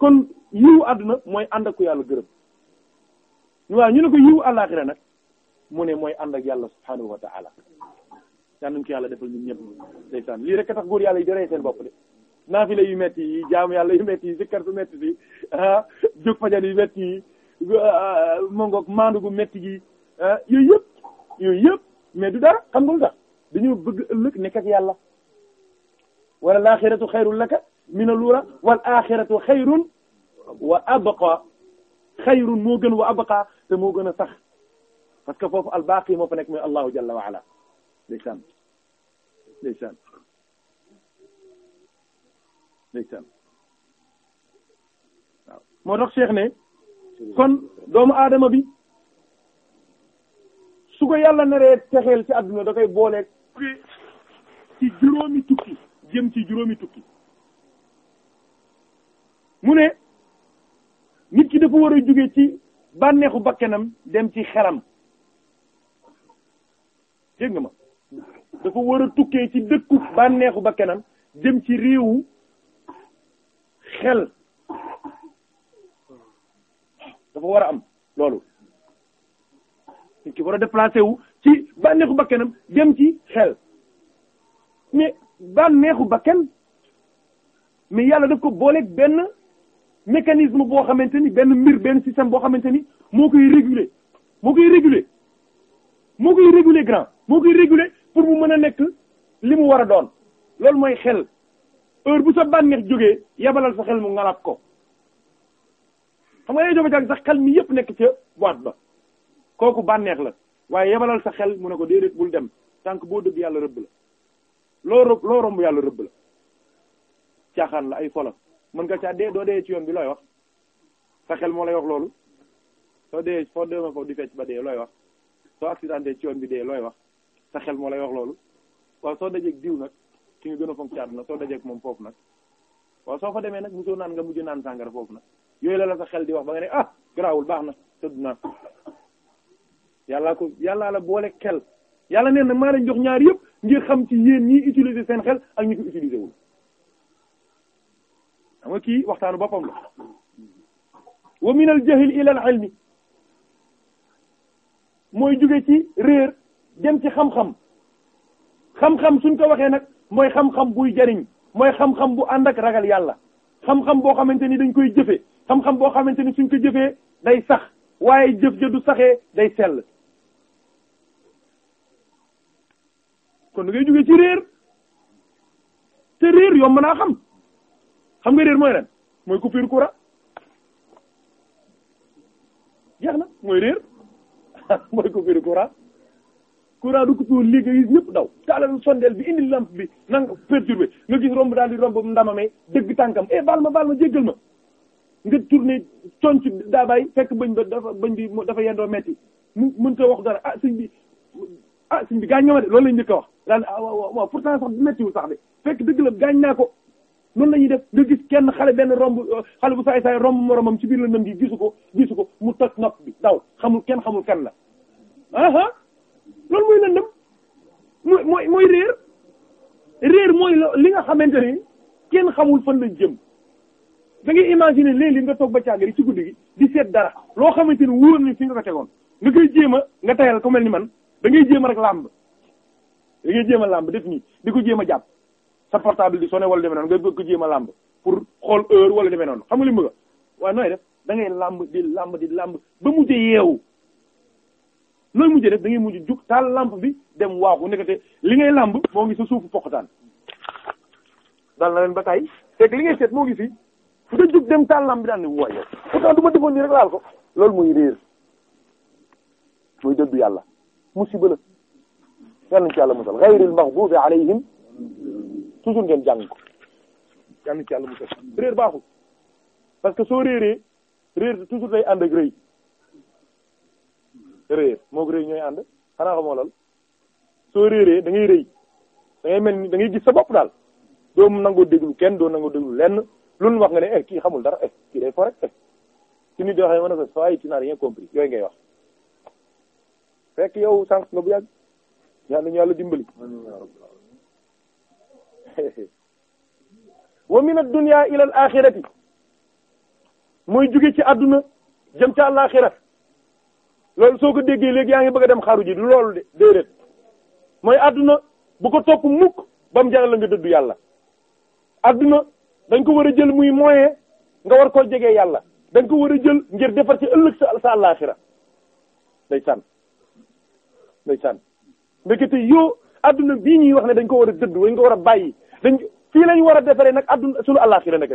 kon yiwu àdduna mooy ànd ak ku yàlla gërëm waaw ñu ne ko yiwu àllaaxira nag mu ne mooy ànd ak yàlla subhaanahu wa yal nañu ko yàlla defal ñun ñëpp ndeysaan lii rek a tax góor yàlla yi di rey seen bopp de naafila yu metti yi jaamu yàlla yu metti yi sikkar su metti si ah, jóg fajar yu metti yi ah, mangoog maandu gu metti gi ah, yooyu yëpp yooyu mais du dara xam nga lu tax dañoo bëgg ëllëg nekk ak yàlla wala laaxiratu xayrun laka mina luura wal axiratu wa abqa xayrun moo gën wa abqa te moo gën a sax parce que foofu albaqi moo fa nekk mooy allahu jalla wa ndeysaan ndeysaan ndeysaan waaw moo tax Cheikh ne kon doomu aadama bi su ko yàlla naree texeel ci àdduna da koy booleeg ci juróomi tukki jëm ci juróomi tukki mu ne nit ki dafa war a jóge ci bànneexu bakkanam dem ci xeram dégg ma dafa war a tukkee ci dëkku bànneexu ba dem ci réewu xel dafa war a am loolu nit ki war a déplacé wu ci bànneexu ba kanam jëm ci xel mais bànneexu ba kan mais yàlla daf ko booleeg benn mécanisme boo xamante ni benn mbir benn système boo xamante ni moo koy réguler moo koy réguler moo koy réguler grand moo koy réguler pour mu mën a nekk li mu war a doon loolu mooy xel heure bu sa bànneex jógee yabalal sa xel mu ngalaat ko xam nga yow xel mi yëpp nekk ca boîte ba kooku bànneex la waaye yabalal sa xel mu ne ko déedéet bul dem tànk boo dëgg yàlla rëbb la loo rëbb loo romb yàlla rëbb la caaxaan la ay folo mën nga caa dee doo dee ci yoon bi looy wax sa xel moo lay wax loolu soo dee foo dee ma foofu di fecc ba dee looy wax soo accidenté ci yoon bi dee looy wax sa xel moo lay wax loolu waaw soo dajeeg diw nag ki nga gën a fonk ci àdduna soo dajeeg moom foofu nag waaw soo fa demee nag mosoo naan nga mujj naan sàngara foofu nag yooyu la la sa xel di wax ba nga ne ah garaawul baax na tëdd naa yàllaa ko yàllaa la boole xel yàlla neen nag maa leen jox ñaar yëpp ngir xam ci yéen ñi utiliser seen xel ak ñi ko utiliser wul kii waxtaanu boppam la wa min al jahil ila al ilmi mooy jóge ci réer dem ci xam-xam xam-xam suñ ko waxee nag mooy xam-xam buy jariñ mooy xam-xam bu ànd ak ragal yàlla xam-xam boo xamante ni dañ koy jëfe xam-xam boo xamante ni suñ ko jëfee day sax waaye jëf ja du saxee day sell kon da ngay ci réer te réer yomb naa xam xam nga réer mooy lan mooy coupure courant jeex na mooy réer mooy coupure courant courant du coupé woon léegi gis ñëpp daw taalal sondeel bi indi lampe bi nanga perturbé nga gis romb daal di romb ndamamee dëgg tànkam eh baal ma baal ma jéggal ma nga tourné conc daa fekk bëñ ba dafa bëñ bi dafa yendoo metti mu mënta wax dara ah sëñ bi ah sëñ bi gaañ nga ma de loolu lañ njëkk a wax daal ah waaw waaw pourtant sax sax de fekk dëgg la gaañ naa ko noonu la ñuy def nga gis kenn xale benn romb euh, xale bu saay saay romb moromam ci biir la nam gi gisu ko gisu ko mu toj nopp bi daw xamul kenn xamul kan la loolu mooy lëndëm mooy mooy mooy réer réer mooy li nga xamante ni kenn xamul fan lañ jëm da ngay imaginer léeg-léeg nga toog ba càggari ci guddi gi di seet dara loo xamante ni wóor ni fi nga ko tegoon nga koy jéem a nga tayal ku mel ni man dangay ngay rek làmb da ngay jéem a làmb def nii di ko jéem a jàpp sa portable di sonné wala demee noonu nga bëgg ko jéem a làmb pour xool heure wala demee noonu xam nga li mu bëgg waaye nooy def da làmb di làmb di làmb ba mujj yeewu loolu mujjee def da mujj jug taal lampe bi dem waaxu nekkate li ngay lamb moo ngi sa suufu poqataan daal na leen ba tey fekk li ngay seet moo ngi fii nga jug dem taal lampe bi daan ne waaye yow pourtant du ma defoon nii rek laal ko loolu muy réer mooy dëddu yàlla musiba la yal nañ ci yàlla musal ghayril maghdubi alayhim toujours ngeen jàng ko ci yàlla musal réer baaxul parce que soo réeree réer toujours day ànd réer moog réer ñooy ànd xanaa xamoo lool soo réeree da ngay rëy mel ni da ngay gis sa bopp daal doo nangoo déglu kenn doo nangoo déglu lenn luñ wax nga ne eh kii xamul dara eh kii day fo rek eh ci nit yoo xam na ko ngay wax fekk yow sànq nga bu yàgg ñaan nañu yàlla dimbali. wa min ad al-akhirati mooy jóge ci àdduna jëm ci àllaxira loolu soo ko déggee léegi yaa ngi bëgg a dem xaru ji du loolu de déedéet mooy àdduna bu ko topp mukk ba mu jaral la nga dëddu yàlla àdduna dañ ko war a jël muy moyen nga war koo jege yàlla dañ ko war a jël ngir defar ci ëllëg sa sa àllaaxira day sànn day sànn ndekete yoo àdduna bii ñuy wax ne dañ ko war a dëddu dañ ko war a bàyyi dañ fii lañ war a defaree nag àdduna sunu àllaaxira nag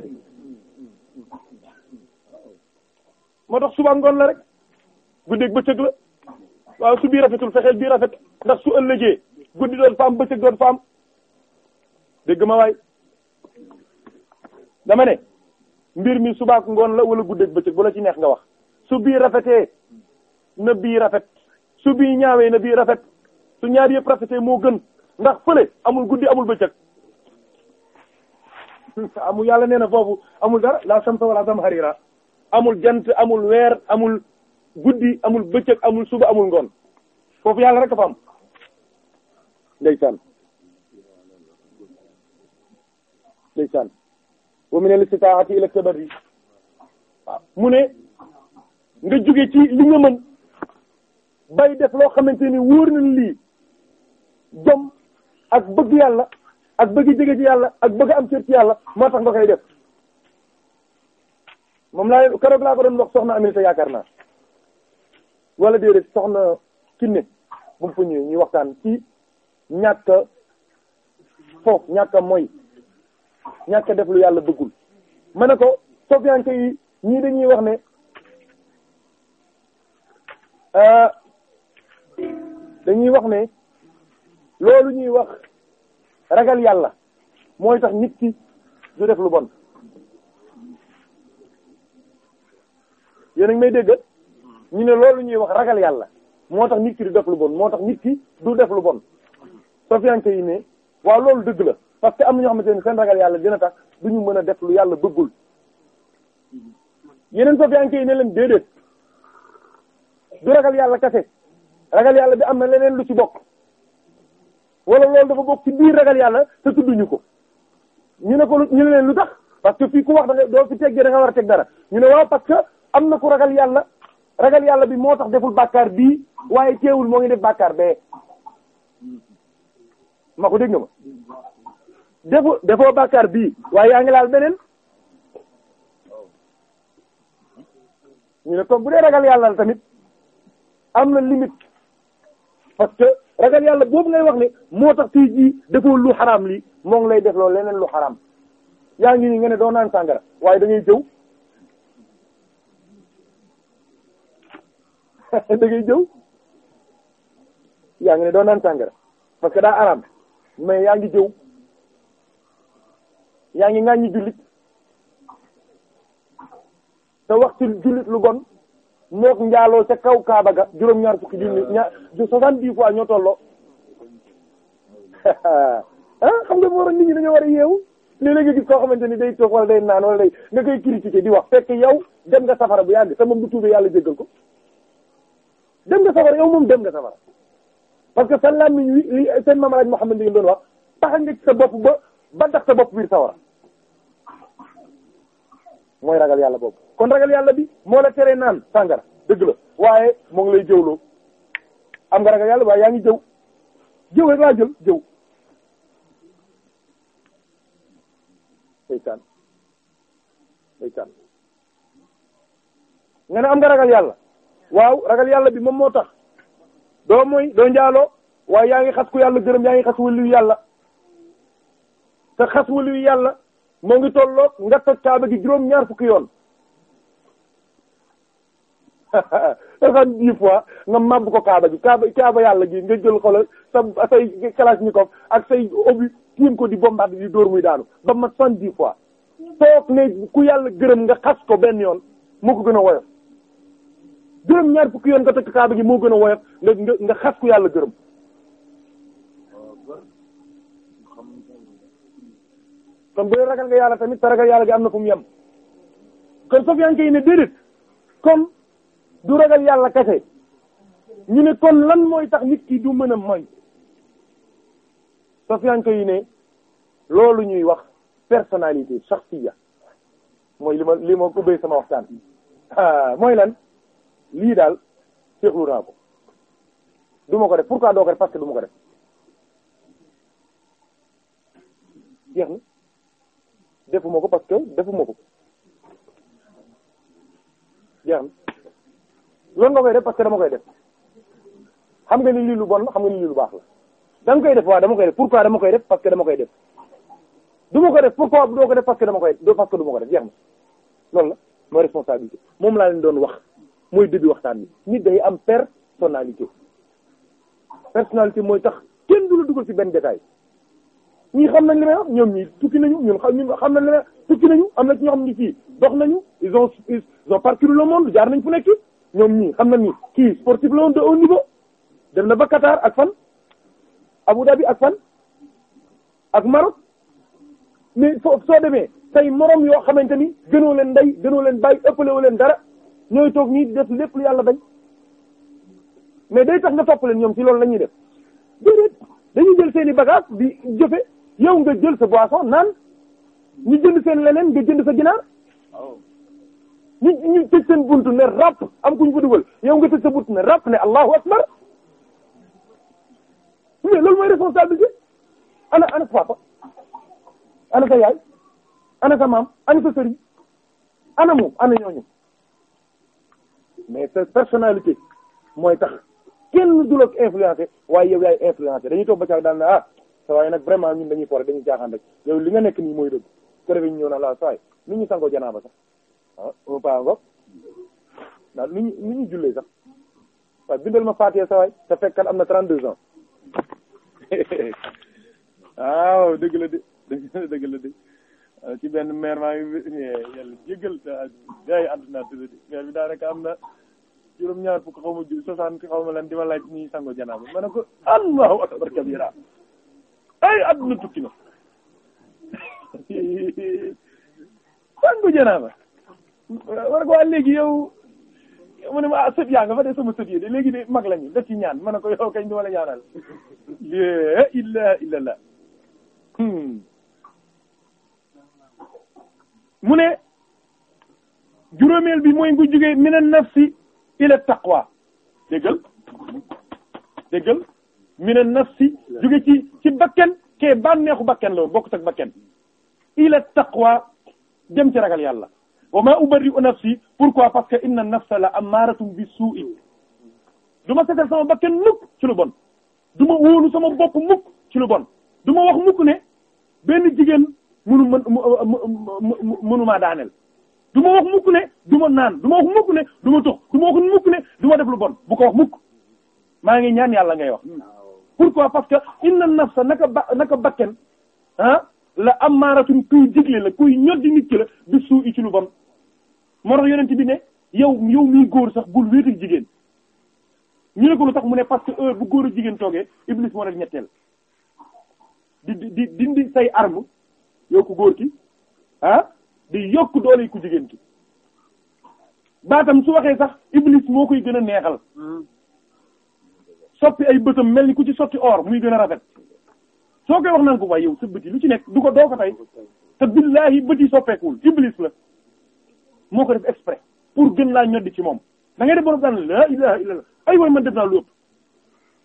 moo tax suba ngoon la rek guddeeg bëccëg la waaw su bii rafetul fexeel bii rafet ndax su ëllëgee guddi doon faam bëccëg doon faam dégg ma waay dama ne mbir mi su subaak ngoon la wala guddeeg bëccëg bu ci neex nga wax su bii rafetee na bii rafet su bii ñaawee na bii rafet su ñaar yëpp rafetee moo gën ndax fële amul guddi amul bëccëg amul yàlla nee na foofu amul dara la samsa wala sam harira amul jant amul weer amul guddi amul bëccëg amul suba amul ngoon foofu yàlla rek fa am ndeysaan ndeysaan wa min al-istitaa'ati ila at-tabarri waaw mu ne nga jóge ci li nga mën bay def loo xamante ni wóor na lii jom ak bëgg yàlla ak bëgg jege ci yàlla ak bëgg am cër ci yàlla moo tax nga koy def moom laa keroog laa ko doon wax soxna Aminata yaakaar naa wala déedéet soxna Kiné bu mu fa ñëwee ñuy waxtaan ci ñàkk a foofu ñàkk a moy ñàkk def lu yàlla bëggul ma ne ko sofianke yi ñii dañuy wax ne euh, dañuy wax ne loolu ñuy wax ragal yàlla mooy tax nit ki du def lu bon yéen a may dégg ñu ne loolu ñuy wax ragal yàlla moo tax nit ki du def lu bon moo tax nit ki du def lu bon sofianke yi ne waaw loolu dëgg la parce que am na ñoo xamante ne seen yàlla dina tax du ñu mën a def yàlla bëggul yeneen sofianke yi ne leen déedéet du ragal yàlla kese ragal yàlla bi am na leneen lu ci bokk wala loolu dafa bokk ci biir ragal yàlla te tudduñu ko ñu ne ko ñu leen lu tax parce que fii ku wax da nga doo fi teggee da nga war a dara ñu ne waaw parce que am na ku ragal yàlla ragal yàlla bi moo tax deful bàkkaar bii waaye teewul moo ngi def bàkkaar bee ma ko dégg nga ma defu defoo bàkkaar bii waaye yaa ngi laal beneen ñu ne comme bu dee ragal yàlla la tamit am na limite parce que ragal yàlla boobu ngay wax ne moo tax fii ji defoo lu xaraam lii moo ngi lay def loolu leneen lu xaraam yaa ngi nii nga ne doo naan sàngara waaye da ngay jëw da ngay jëw yaa ngi ne doo naan sàngara parce que daa araam mais yaa ngi jëw yaa ngi ŋàññi jullit te wax ci jullit lu bon njaaloo ca kaw kaaba ga juróom-ñaar fukki junni ñaar soixante-dix fois ñoo tolloo ah xam nga moo tax nit ñi dañoo war a yeewu léeg-léeg koo xamante ni day toog wala day naan wala day nga koy critiquer di wax fekk yow dem nga safara bu yàgg te moom bu tuubee yàlla jéggal ko dem nga safara yow moom dem nga safara parce que sa làmmiñ wi li seen mamalaaj Muhammad li doon wax taxa nga ci sa bopp ba ba ndax sa bopp biir sawara mooy ragal yàlla boobu kon ragal yàlla bi moo la teree naan sàngara dëgg la waaye moo ngi lay jëwloo am nga ragal yàlla waaye yaa ngi jëw jëw rek laa jël jëw ndeysaan ndeysaan nga ne am nga ragal yàlla waaw ragal yàlla bi moom moo tax doo mooy doo njaaloo waaye yaa ngi xas ku yàlla gërëm yaa ngi xas waliyu yàlla te xas waliyu yàlla moo ngi tolloog nga toj kaaba gi juróom ñaar fukk yoon soixante-dix fois nga màbb ko kaaba gi kaaba kaaba yàlla gi nga jël xolo sa say kalachnikov ak say obus tiim ko di bombarde di dóor muy daanu ba mat soixante-dix fois toog ku yàlla gërëm nga xas ko benn yoon moo ko gën a woyof gërëm ñaar fukki yoon nga takk kaaba gi moo gën a woyof nga nga xas ku yàlla gërëm kon bu dee ragal nga yàlla tamit te ragal yàlla gi am na fu mu yem kon sofiyanke yi ne déedéet kon du ragal yàlla kese ñu ne kon lan mooy tax nit ki du mën a moy sofiyanke yi ne loolu ñuy wax personnalité shakhsiya mooy li ma li ma ubbee sama waxtaan ah, mooy lan lii daal seexlu du ma ko def pourquoi doo ko def parce du ma ko def jeex na defuma ko parce que defuma ko jeex na loolu nga koy def parce que dama def xam nga ni lii lu bon la xam nga ni lii lu baax la danga koy def waaw dama koy def pourquoi dama koy def parce que dama koy def du ma def pourquoi doo ko def parce que dama koy def parce que du ma ko na loolu la mooy moom laa leen doon wax mooy début waxtaan bi nit day am personnalité personnalité mooy tax kenn du la dugal ci benn détail ñii xam nañ li may wax ñoom ñii tukki nañu ñun xam ñun xam nañ li may tukki nañu am na ci ñoo xam ne fii dox nañu ils ont ils ont parcouru le monde jaar nañ fu nekk ñoom ñii xam nañ ni kii sportif la woon de haut niveau dem na ba kataar ak fan Abu Dhabi ak fan ak Maroc mais foofu soo demee say morom yoo xamante ni gënoo leen ndey gënoo leen bàyyi ëppale wu leen dara ñooy toog nii def lépp lu yàlla bañ mais day tax nga topp leen ñoom ci loolu la ñuy def déedéet dañuy jël seen i bagage bi jëfe yow nga jël sa boisson naan ñu jënd seen leneen nga jënd sa ginaar ñu ñu tëj seen bunt ne ràpp am kuñ ñu fa dugal yow nga tëj sa bunt ne ràpp ne allahu akbar mais loolu mooy responsabilité ana ana sa papa ana sa yaay ana sa maam ana sa sëriñ ana moom ana ñooñu mais sa personnalité mooy tax kenn du la influencé waaye yow yaay influencé dañuy toog ba caag daal ne ah sa waaye nag vraiment ñun dañuy foré dañuy jaaxaan rek yow li nga nekk nii mooy dëgg ko ñëw na la ah, saay nit ñu sangoo janaaba sax ah pa ngop waaw nit ñu nit ñu jullee sax ma faatee sa waay te fekkan am na 32 ans ah, waaw dëgg la de dëgg la Euh, ci benn maire maa ngi yàlla jéggal day àdduna tëdd maire bi daanaka am na juróom-ñaar fukk xaw ma soixante xaw ma lan di ma laaj ñuy sango janaaba ma ne ko allahu akbar kabira ay àdduna tukki na sango janaaba ma ko waa léegi yow mu ne ma ah, sët yaa nga fa de sama sët yi de léegi de mag lañu def ci ñaan ma ne ko yow kañ du ma la la ilaha mu ne juróomeel bi mooy nga jógee min an nafsi ila taqwa déggal déggal min an nafsi jóge ci ci bakken kee bànneexu bakken la woon bokkut ak bakken ila taqwa dem ci ragal yàlla wa ma ubarri'u nafsi pourquoi parce que inna nafsa la amaaratun bi su'i du ma setal sama bakken mukk ci lu bon du ma wóolu sama bopp mukk ci lu bon du ma wax mukk ne benn jigéen munu mën daaneel du ma wax mukk ne du ma naan du ma wax mukk ne du ma tux du ma wax mukk ne du ma def lu bon bu ko wax mukk maa ngi ñaan yàlla ngay wax pourquoi parce que inna nafsa naka ba naka bakken ah la amaaratun kuy digle la kuy ñoddi nit ki la du suu i ci lu bon moo tax yonent bi ne yow yow miy góor sax bul wéetak jigéen ñu ne ko lu tax mu ne parce que heure bu góor a jigéen toogee iblis moo def ñetteel di di dindi say arme yow ku góor ki ah, di yokk doole ku jigéen ki baatam su waxee sax iblis moo koy gën a neexal sotti ay bëtam mel ni ku ci sotti or muy gën a rafet soo koy wax naan ko waaye yow sa bët yi lu ci nekk du ko doo ko tey te billaahi bët yi soppeekuwul iblis la moo ko def exprès pour gën laa ñoddi ci moom da ngay def borom daan la ilaha illallah ay waay man def naa lu ëpp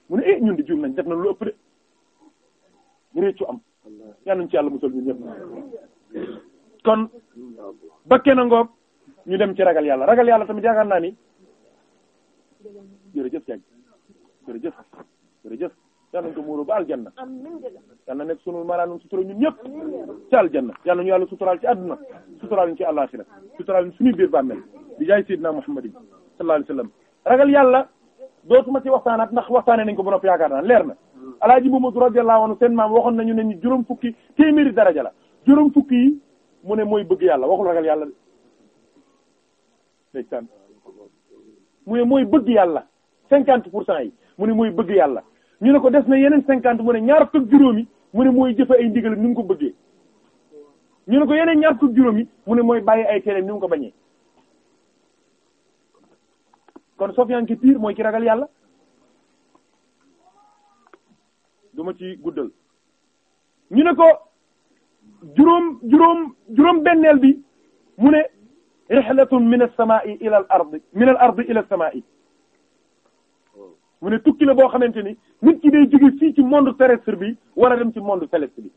mu ne eh ñun di juum nañ def na lu ëpp de réccu am yàlla nañ ci yàlla musal ñun ñëpp kon bakkee na ngoog ñu dem ci ragal yàlla ragal yàlla tamit yaakaar naa ni jërëjëf Seydou jërëjëf jërëjëf yal nañu ko muuroo ba aljanna yal na nekk sunu maraanum sutura ñun ñëpp ci aljanna yal nañu yàlla suturaal ci àdduna suturaal ñu ci àllaaxira suturaal ñu suñuy biir bàmmeel di jaay Seydina Muhammadin sallallahu alayhi wasallam ragal yàlla dootuma ci waxtaanaat ndax waxtaanee nañ ko ba noppi yaakaar naan leer na. alaaji Mamadou radiyallahu anhu seen maam waxoon nañu ne ñu juróom fukki téeméeri daraja la juróom fukki yi mu ne mooy bëgg yàlla waxul ragal yàlla de mu ne mooy bëgg yàlla cinquante pour cent yi mu ne mooy bëgg yàlla ñu ne ko des na yeneen cinquante mu ne ñaar juróom yi mu ne mooy jëfe ay ndigalam ni mu ko bëggee ñu ne ko yeneen ñaar fukk juróomi mu ne mooy bàyyi ay tereem ni mu ko bañee kon sofian ki pire mooy ci ragal yàlla du ci guddal ñu ne ko juróom juróom juróom benneel bi mu ne rihlatun min as-samaa'i ila al-ardi min al-ardi ila as-samaa'i mu ne tukki la boo xamante ni nit ki day jóge fii ci monde terrestre bi war a dem ci monde céleste bi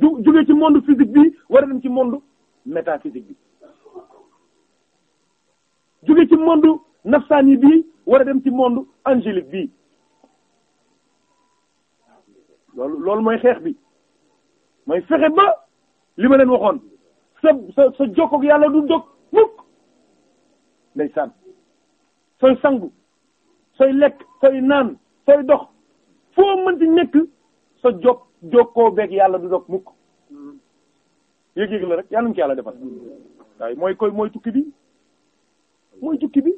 jóge ci monde physique bi war a dem ci monde métaphysique bi jóge ci monde nafsaani bi war a dem ci monde angélique bi loolu loolu mooy xeex bi mooy fexe ba li ma leen waxoon sa sa sa yàlla du dog mukk ndeysaan sooy sangu sooy lekk sooy naan sooy dox foo mënti nekk sa jok jokkoo beeg yàlla du dog mukk yëg-yëg la rek yàlla ñu ci yàlla defal waaye mooy koy mooy tukki bi mooy tukki bi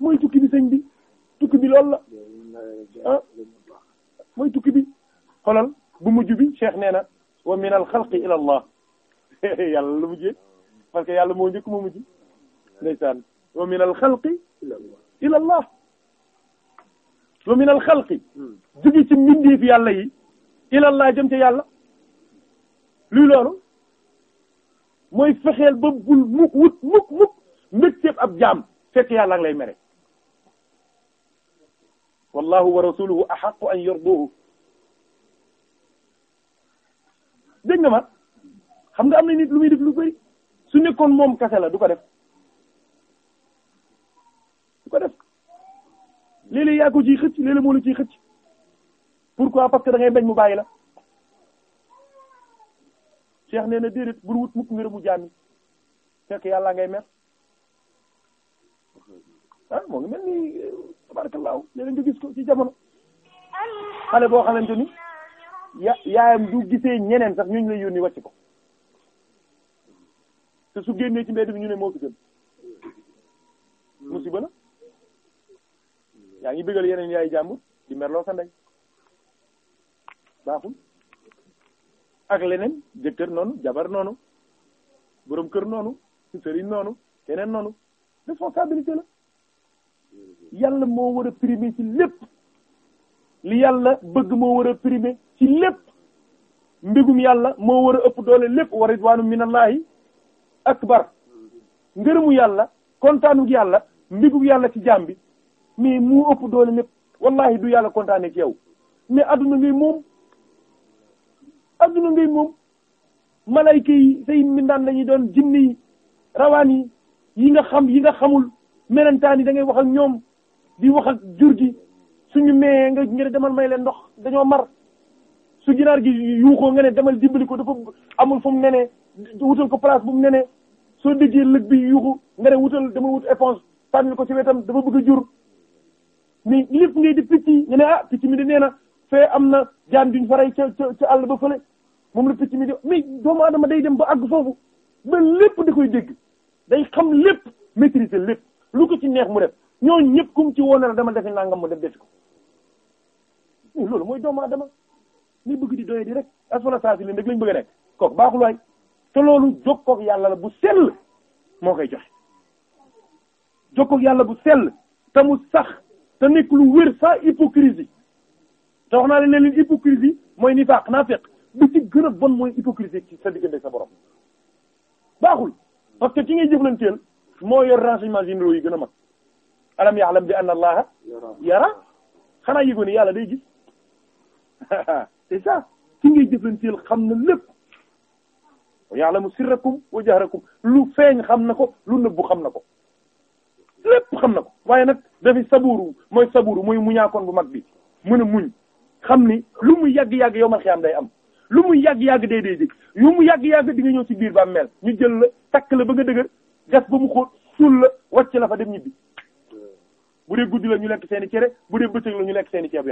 mooy tukki bi sëñ bi tukki bi loolu la ah. mooy tukki bi xolal bu mujj bi cheikh nee na wa min al xalqi ila allah yàlla lu mujjee parce que yàlla moo njëkk moo mujj ndeysaan wa min al xalqi ila allah wa min al xalqi jóge ci mbindeef yàlla yi ila allah jëm ca yàlla luy loolu mooy fexeel ba bul mukk wut mukk mukk mbégteef ab jaam fekk yàlla ngi lay mere wallahu wa rasuluhu axaqu an yarduhu dégg na ma xam nga am na nit lu muy def lu bëri su nekkoon moom kase la du ko def du ko def léeg-léeg yaa ko ciy xëcc léeg-léeg moo la ciy xëcc pourquoi parce que da ngay bañ mu bàyyi la Cheikh nee na déedéet bul wut mukk ngërëmu jaami fekk yàlla ngay mer ah moo ngi mel ni tabarakallah léeg nga gis ko ci jamono xale boo xamante ni ya yaayam du gisee ñeneen sax ñooñu lay yónni wàcc ko te su génnee ci mbedd bi ñu ne moo fi gën hmm. musiba la yaa ngi bëggal yeneen yaay jàmbur di merloo sa ndey baaxul ak leneen jëkkër noonu jabar noonu boroom kër noonu sëriñ noonu keneen noonu responsabilité la hmm. yàlla moo war a primer ci lépp li yàlla bëgg moo war a primé ci lépp mbégum yàlla moo war a ëpp doole lépp war wa ridwaanu minallahi akbar ngërëmu yàlla kontaanug yàlla mbégum yàlla ci jaam bi mais mu ëpp doole lépp wallahi du yàlla kontaane ci yow mais àdduna ngay moom adduna ngay moom malayka yi say mbindaan lañuy doon jinne yi rawaan yi yi nga xam yi nga xamul melentaan yi dangay wax ak ñoom di wax ak jur gi suñu mayee nga ngeen demal may leen ndox dañoo mar su ginaar gi yuuxoo nga ne demal dimbali ko dafa amul fu mu nenee wutal ko place bu mu nenee soo déggee lëg bi yuuxu nga ne wutal dama wut éponge tànnil ko ci wetam dafa bëgg jur mais lépp ngay di picc yi ne ah picc nee na am na jaan duñ faray ca ca ca àll ba fële moom la picc mi di mais doomu adama day dem ba àgg foofu ba lépp da koy dégg day xam lépp maîtriser lépp lu ko ci neex mu def ñoo ñëpp kum ci woon na dama defe nangam mu def defi ko loolu mooy doomu aadama ni bëgg di doye di rek asfala saafiliin rek lañ bëgg a nekk kooku baaxul waay te loolu jokkoog yàlla la bu sell moo koy joxe jokkoog yàlla bu sell te mu sax te nekk lu wér sans hypocrisie te wax naa leen ne leen hypocrisie mooy nifaaq naafiq bi ci gën a bon mooy hypocrisie ci sa diggante sa borom baaxul parce que ki ngay jëflanteel moo yor renseignements généraux yi gën a mag alam ya'lam bi anna allaha yara xanaa yëgoon yàlla day gis c'est ça ki ngay jëfanteel xam na lépp wa ya'lamu sirrakum wa jahrakum lu feeñ xam na ko lu nëbbu xam na ko lépp xam na ko waaye nag dafay saburu mooy saburu mooy muñaakoon bu mag bi mën a muñ xam ni lu mu yàgg-yàgg yow man xiyam day am lu mu yàgg-yàgg day day dég yu mu yàgg-yàgg di nga ñëw si biir ba mel ñu jël la takk la ba nga dëgër gas ba mu xóot suul la wàcc la fa dem ñibbi bu dee guddi la ñu lekk seen cere bu dee bëccëg la ñu lekk seen i ceebu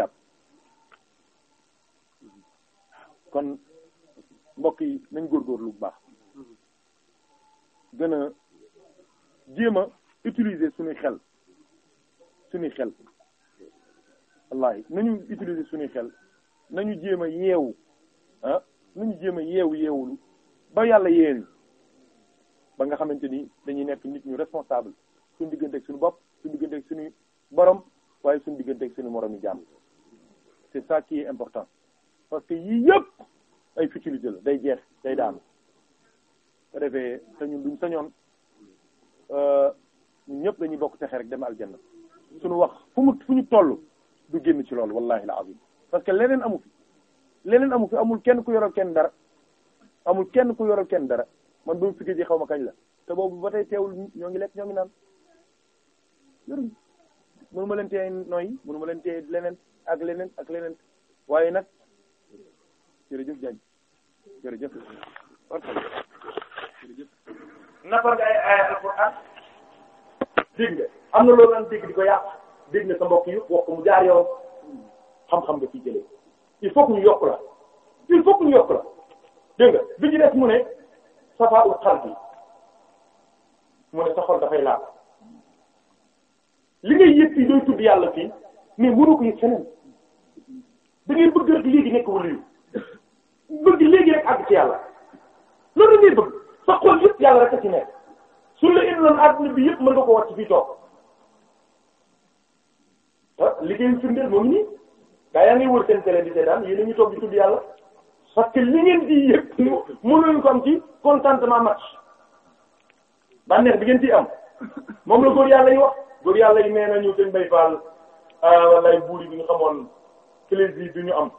kon mbokk yi nañ góorgóorlu bu baax gën a jéem a utiliser suñuy xel suñuy xel wallaahi nañu utiliser suñuy xel nañu jéem a yeewu ah nañu jéem a yeewu yeewulu ba yàlla yéen ba nga xamante ni dañu nekk nit ñu responsable suñu diggante ak suñu bopp suñu diggante ak suñu borom waaye suñu diggante ak suñu moromi jàmm c'est ça qui est important parce que yii yëpp ay futilité la day jeex day daanu ko defee te duñ sañoon euh, ñun ñëpp dañuy bokk texe rek dem aljanna suñu wax fu mu fu toll du génn ci loolu wallahi la azim parce que leneen amu fi leneen amu fi amul kenn ku yoral kenn dara amul kenn ku yoral kenn dara man ba mu fikkee ji xaw ma kañ la te boobu ba tey teewul ñoo ngi lekk ñoo ngi naan yoruñ mënu leen tee noyyi mënu ma leen tee leneen ak leneen ak leneen waaye nag jërëjëf Diagne jërëjëf. nafa nga ay ay alquran dégg nga am na loolu lan dégg di ko yàq dégg nga sa mbokk yi wax ko mu jaar yoon xam-xam nga ciy jëlee il faut que ñu yokk la il faut que ñu yokk la dégg nga bi ñu def mu ne safa ul xal bi mu ne sa xol dafay laal li ngay yëg fii doy tudd yàlla fii mais mënu ko yëg feneen da ngay bëgg rek léegi nekk wala yu bëgg léegi rek àgg ci yàlla loolu la ñuy bëgg sa xol yëpp yàlla rek a ci nekk su la indiloon àdduna bi yëpp mën nga ko wàcc fii toog ah li ngeen firndeel moom nii gaa yaa ngi wër seen télé di seetaan yéen a ngi toog di tudd yàlla parce li ngeen di yëg mënuñ ko am ci contentement match bànneex bi ngeen ciy am moom la góor yàlla yi wax góor yàlla yi nee nañu dañ bay faal ah wallaay buur yi bi ñu xamoon plaisir bi ñu am.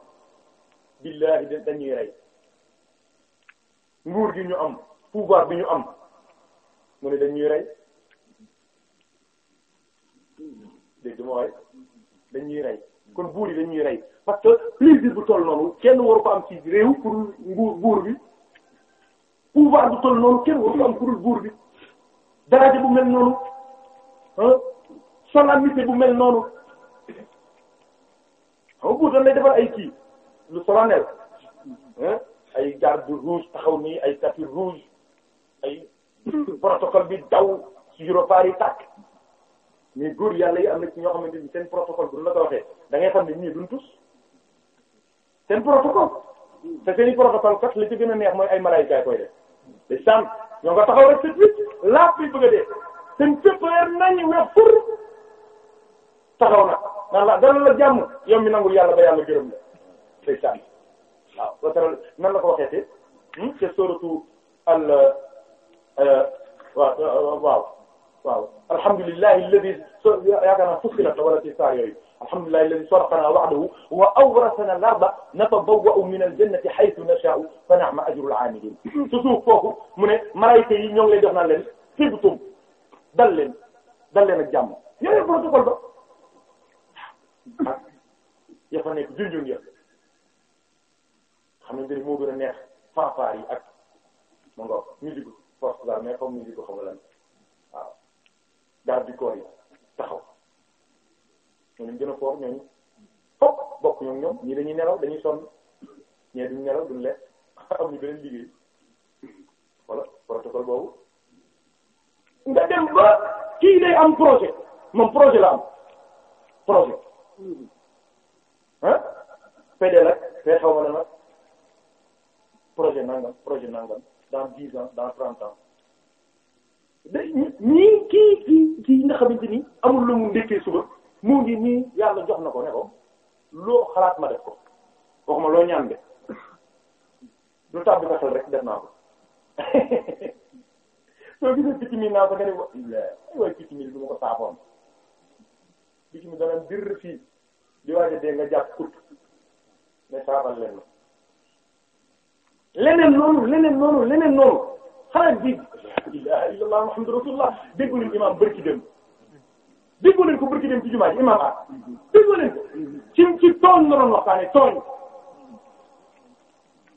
billaahi dañuy rey nguur gi ñu am pouvoir bi ñu am mu ne dañuy rey dégg ma waaye dañuy rey kon buur yi dañuy rey parce que plaisir bu toll noonu kenn waru ko am ci réew pour nguur buur bi pouvoir bu toll noonu kenn waru ko am pour buur bi daraja bu mel noonu ah solennité bu mel noonu xam buur dañ lay defal ay lu solennel ay garde rouge taxaw mi ay tapis rouge ay protocole bi daw ci Europa yi tàkk mais góor yàlla yi am na ci ñoo xamante ni seen protocole bu ñu la ko waxee da ngay xam ne ñii duñ tus seen protocole te seen i protocole kat ci gën a neex mooy ay malaayikaay koy def day sànq ñoo nga taxaw rek sët wit laaf bi bëgg a dee seen fépp leer nañ taxaw na naan la dalal la jàmm mi nangul yàlla ba yàlla gërëm la ndeysaan waaw wa taral nan la ko waxeete te hmm? suratu al euh, waaw waaw waaw alhamdulillahi alladhi yaakaar naa fussilat wala ci saar yooyu alhamdulillahi alladhi sadaqana wa'dahu wa awrasana al-arda natabawwa'u min al-jannati haythu nasha'u fa ni'ma ajru al-'amilin su suuf foofu mu ne malaayika yi ñoo ngi lay jox naan leen tibtum dal leen dal leen ak jàmm yooyu protocole ba ah ya fa nekk junjun ya xamante ni moo gën a neex fanfare yi ak ma ngoog musique force daal mais comme musique xam waaw garde du corps yi taxaw ñooñu gën a fort ñooñu fop bokk ñoom ñoom ñii dañuy nelaw dañuy sonn ñee duñ nelaw duñ lekk am ñu beneen liggéey voilà protocole boobu nga dem ba kii day am projet moom projet la am projet ah hmm. pédé la fee xaw ma ne nag projet nangam projet nangam dans dix ans dans trente ans day ñii kii kii kii nga xamante amul lu mu ndekkee suba mu ngi nii yàlla jox na ko ne ko loo xalaat ma def ko waxuma loo ñaan de lu tàbbi ko xel rek def naa ko soo gisee picc mi naa ko nga ne wa waaye ma ko saafoon picc mi dana dir fii di waaja dee nga jàpp kut ne saafal leen ma leneen noonu leneen noonu leneen noonu xanaa di ilaha illallah muhammadu rasulullah déggu leen imaam bërki dem déggu leen ko bërki dem ci jumaa ji imaam ak déggu leen ci ci tooñ la doon waxtaane tooñ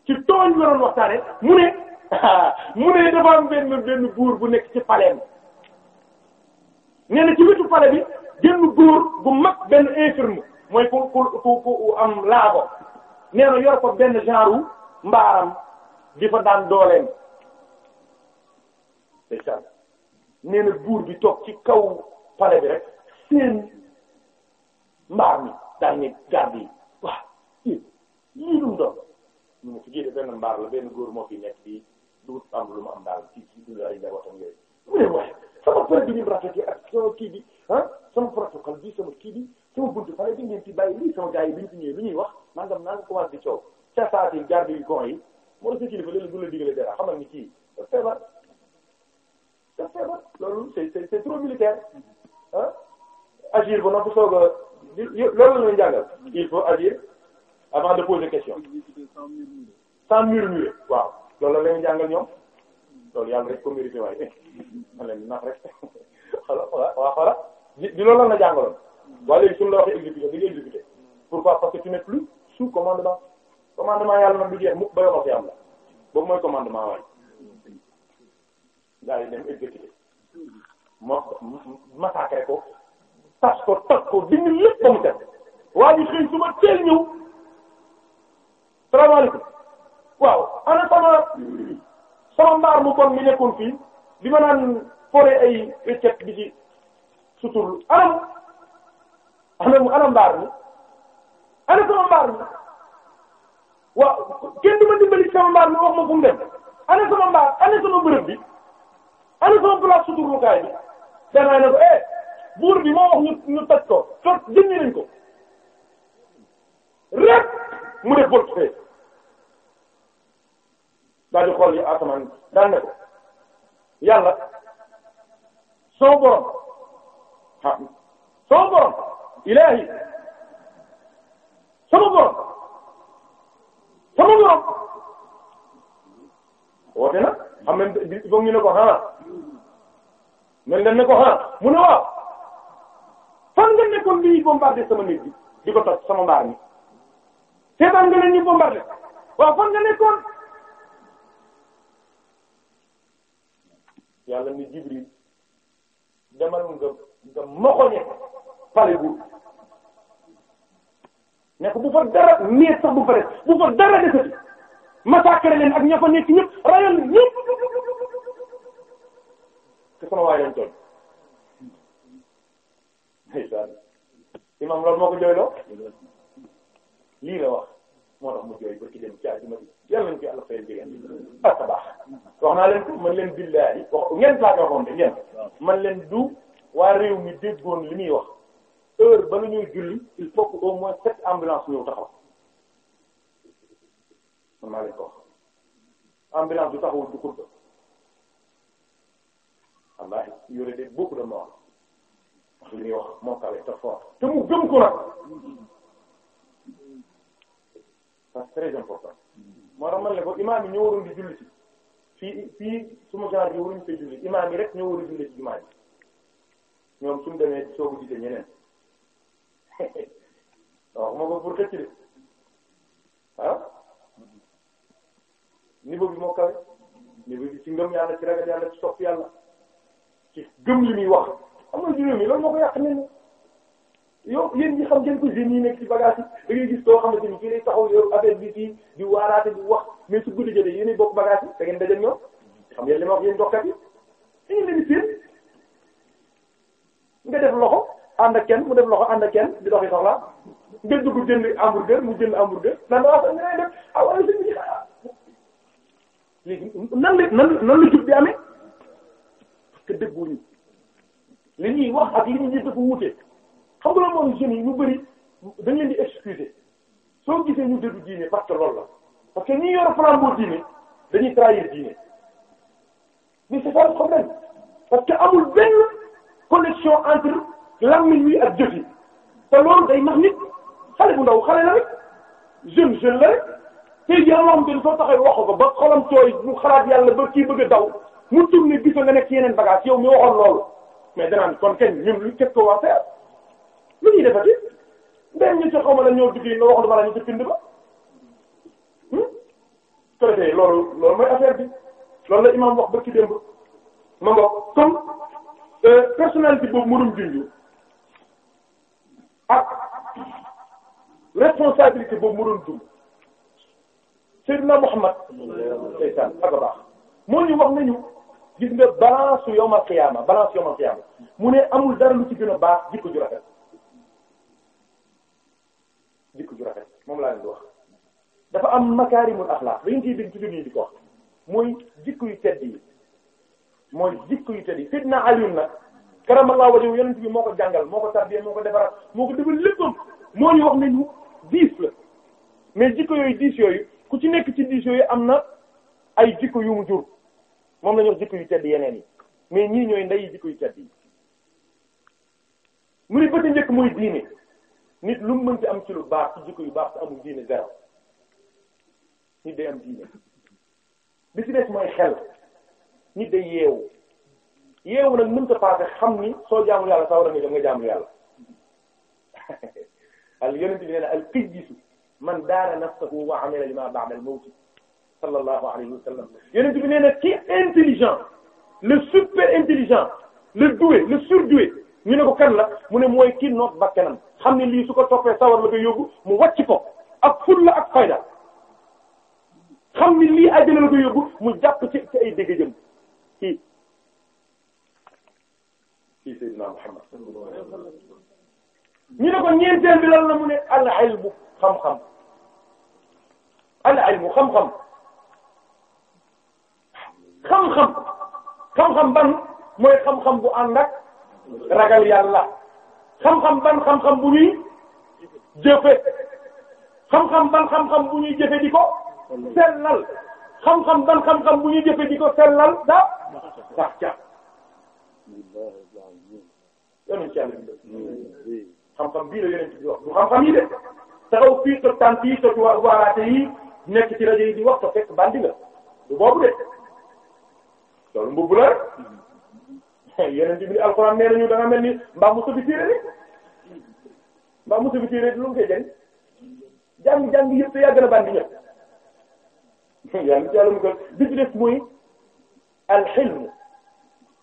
ci tooñ la doon waxtaane mu ne mu ne dafa benn benn buur bu nekk ci paleem nee na ci wetu pale bi genn góor bu mag benn infirme mooy ku ku ku ku am laago nee na yor ko benn genre mbaaram di fa daan dooleem ndeysaan nee buur bi toog ci kaw pare bi rek seen mbaar mi daan ne garde yi waaw lii lii lum doon ñu ne fi géide benn mbaar la benn góor moo fi nekk bi du am lu mu am daal ci sama për bi ni mu rafetee ak sama kii bi ah sama protocole bi sama kii bi sama buntu pare bi ngeen ci bàyyi lii sama gars yi bi ñu lu ñuy wax nangam naa nga commencé di coow ca saati garde yu gon yi moo tax sa kilifa léeg-léeg la digalee dara xamal ni kii da feebar loolu c'est c'est trop militaire agir ba noppi soog a loolu la ñuy jàngal il faut agir avant de poser question sans murmurer waaw loolu la ñuy jàngal ñoom loolu yàlla rek ko mérité waaye man la ñu nax rek xala waaw xala di loolu la jàngaloon waaye léegi suñu la waxee exécuté da ngay exécuté pourquoi parce que tu n'es plus sous commandement commandement yàlla nag du jeex mukk ba yow ak yàlla boobu mooy commandement waaye gaa yi dem exécuté ma massacré ko tas ko tas ko dindi lépp ba mu teg waaye xëy suma teel ñëw salaamaaleykum waaw ana sama sama mbaar mu kon mi nekkoon fii bi ma naan fore ay étiquette bi ci suturlu anam anam anam mbaar mi ana sama mbaar mi waaw kenn du ma dimbali sama mbaar ma fu mu dem ana sama mbaar ana sama bërëb bi ana sama place suturlukaay bi eh, bi moo wax ñu ñu toj ko toj ko rek mu def bët fee daal di xool daan ne ko yàlla sama ah, borom ilaahi sama te moom la woote na xam nga il faut ñu ne ko ah mel nga ne ko ah mu ne waaw fan nga nekkoon lii bombardé sama nit bi di ko toj sama mbaar mi seetaan nga leen ñu bombardé waaw fan nga nekkoon. yàlla ni Jibril demal nga nga moxoñe pale bu. ne ko bu fa dara miir sax bu fa def bu fa dara leen ak ña fa nekk ñëpp rayon ñëpp te sama waay lañ toll. ndeysaan moo ko jooyloo lii la wax moo tax mu jooy ba ci dem caa ma ji yàlla nañ ci àll fayal jigéen ak ah, baax wax naa leen ko man leen billahi wax ngeen saa ko waxoon ngeen man leen du waa mi déggoon li muy wax. heure ba nu ñuy julli il faut que au moins sept ambulances ñëw taxaw man maa leen ambulance du taxawul du xutba wallaahi yore de beaucoup de morts wax wax moo kawe te fort te mu gëm ko nag moo tax man la ko ñoo waroon di julli ci fii fii suma genre bi waruñu fee julli imaam rek ñoo war a julli ci jumaa ñoom suñu demee soogu gisee ñeneen wax ma ko pour xëcc de ah niveau bi moo kawe niveau bi ci ngëm yàlla ci ragal yàlla ci sopp yàlla ci gëm li muy wax am na juróomi loolu moo ko yàq ne yow yéen ñi xam ngeen ko jeunes yi nekk ci bagage yi da ngay gis koo xamante ni fii lay taxaw yow bi fii di waaraate di wax mais su guddi jotee yéenay bokk bagage yi da ngeen dajal ñoom xam ngeen li ma wax yéen doxkat yi da ngeen leen di nga def loxo. ànd ak kenn mu def loxo ànd a kenn di doxi soxla nga dugg jënd hamburger mu jënd hamburger nan la jub bi amee parce que dëgguñu li ñuy wax ak li ñuy def dafa wuute xam moom jeunes ñu bëri dañ di excuser soo gisee ñu dëddu diine parce que loolu la parce que ñi yor flambeau diine dañuy trahir diine mais c'est ça le problème parce amul benn connexion entre làmmiñ wi ak jëf yi te loolu day nax nit xale bu ndaw xale la rek jeune jeune la rek tey jii loo xamante soo taxee waxu ko ba xolam tooy mu xalaat yàlla ba kii bëgg a daw mu tourné gis nga nekk yeneen bagage yow mi waxoon loolu mais danaan kon kañ ñun lu qu'est-ce qu'on va faire lu ñuy defati benn ñu xaw ma la ñoo duggee nga wax dama la ñu ci pind ba. Hmm? su ko defee loolu loolu mooy affaire bi loolu la imaam wax ba ci démb ma ngoog comme euh, personnalité boobu mënum junj. ak responsabilité boobu mu doon dund Seydina Muhammad baax moo ñu wax nañu gis nga balance yawmal qiyaama balance yawmal qiyaama mu ne amul dara lu ci gën baax jikko ju rafet jikko rafet moom laa leen di dafa am makaarimul axlaaq dañu ciy dégg toujours ñu di ko mooy jikko yu tedd yi mooy jikko yu tedd yi Seydina Aliou la karamallahu ba yonent bi moo ko jàngal moo ko tarbiya moo ko defaraat moo ko defal léppam moo ñu wax ne ñu diis la mais jikko yooyu diis yooyu ku ci nekk ci diis yooyu am na ay jikko yu mu jur moom la ñu wax jikko yu tedd yeneen yi mais ñii ñooy ndeyi jikko yu tedd yi mu ni bëti njëkk mooy diine nit lu mu ci am ci lu baax ci jikko yu baax te amul diine zéro nit day am diine bi mooy xel nit day yeewu yeewu nag mënta paase xam ni soo jaamu yàlla sawara nga jëm nga jaamu yàlla al yonent bi nee na al qijisu man daana nafsahu wa amila lima ba'da al mawt sallallahu alayhi wa sallam yonent bi nee na intelligent le super intelligent le doué le surdoué ñu ne ko kan la mu ne mooy ki noot bakkanam xam ne lii su ko toppee sawar la ko yóbbu mu wàcc ko ak fulla ak fayda xam ni lii àjjana la ko yóbbu mu jàpp ci ay dégg jëm ci Seydina Muhammad ñu ne ko ñeenteel bi lan la mu ne al ilmu xam-xam al ilmu xam-xam xam-xam xam-xam ban mooy xam-xam bu ànd ak ragal yàlla xam-xam ban xam-xam bu ñuy jëfe xam-xam ban xam-xam bu ñuy jëfe di ko sellal xam-xam ban xam-xam bu ñuy jëfe di ko sellal da dax ca yàlla ci àll xam-xam bii la yeneen ci wax du xam-xam yi de taxaw fii toj tànn fii toj waa waaraate yi nekk ci rajo yi di wax ko fekk bandi la du boobu de loolu mbubb la yeneen ci biir alxuraan nee nañu da nga mel ni mbaa mu sëbi téere rek mbaa mu sëbi téere lu mu koy jënd jàng jàng yëpp te yaa gën a bandi ñëpp yaa ngi ci yàlla mu gën bi ci des mooy alxilm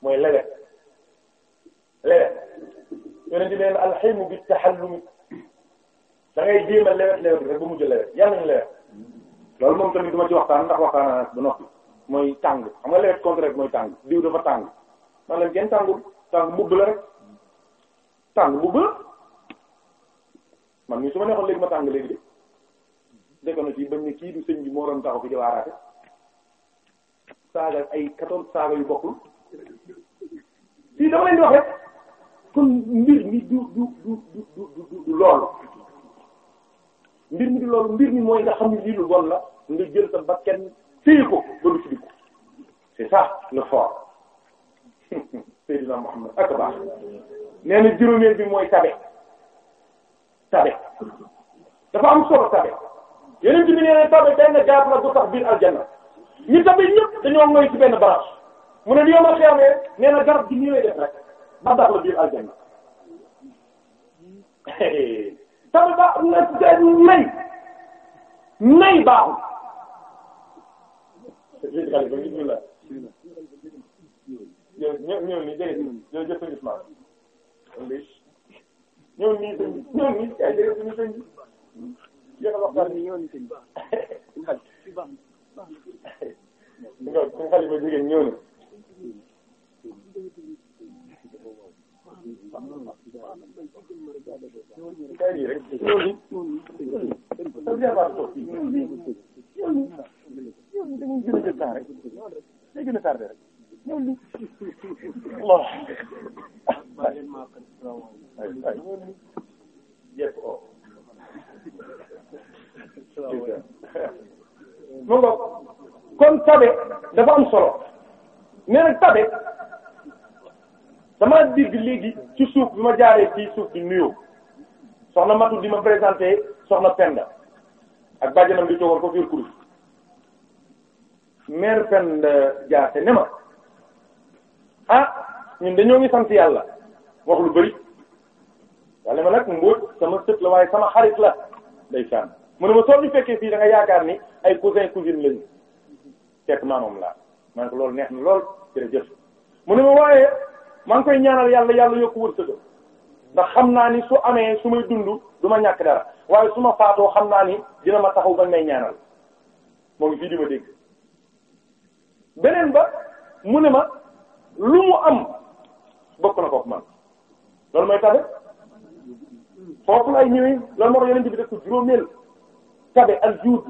mooy lewet lewet yonent bi neen alxilmu bi taxallumi da jéem a lewet lewet rek ba mujj lewet yàlla ñu lewet loolu moom tamit duma ci waxtaan ndax waxtaan naa ba noppi mooy tàng xam nga lewet contre rek mooy tàng diw dafa tàng man leen kenn tàngul tàng la man mii su ma neexoon léegi ma tàng léegi de dégg na ci bañ ne kii du sëñ bi moo doon taxaw fi jawaaraate saaga ay quatorze saaga yu bokkul fii dama leen di kon mbir mi du du du du du du loolu mbir mi du loolu mbir mi mooy nga xam ne lii lu bon la nga jël sa bakkan téye ko ba du ci dugg c'est ça le fort Seydina Muhammad ak baax nee na bi mooy tabe tabe dafa am solo tabe yeneen bi nee na tabe benn garab la bu tax biir aljanna ñi tabe ñëpp dañoo ngoy ci benn branche mu ne li yomal xeer garab gi nii lay def rek. ndax daal la biir aljanna tamit baax na nay nay baaxul. ñëw ñëw nii jërëjëf jërëjëf sëñ Ismaël ñëw nii sëñ bi ñëw nii jërëjëf suñu sëñ bi yéen a waxtaan bi ñëw nii sëñ bi. nga suñu xale ba jigéen ñëw na. mu ngoog kon tabe dafa am solo mais nag damaa dégg léegi ci suuf bi ma jaaree ci suuf di nuyoo soxna Matou di ma présenté soxna Penda ak bàjjanam bi toogoon ko fiir kurus mère Penda jaase ne ma ah ñun dañoo ngi sant yàlla wax lu bari walla ma nag mbóot sama sët la waaye sama xarit la day sànn mu ne ma soo ñu fekkee fii da yaakaar ni ay cousin cousine lañu fekk maamam laa ma ko loolu neex na lool jërëjëf mu ne ma waaye maa ngi koy ñaanal yàlla yàlla yokk wërsëgam ndax xam naa ni su amee su may dund du ma ñàkk dara waaye su ma faatoo xam naa ni dina ma taxaw bañ may ñaanal moo ngi fii di ma dégg beneen ba mu ne ma lu mu am bokk na kook man loolu mooy tabe foofu lay ñëwee loolu moo tax yonent bi def ko juróomeel tabe al juud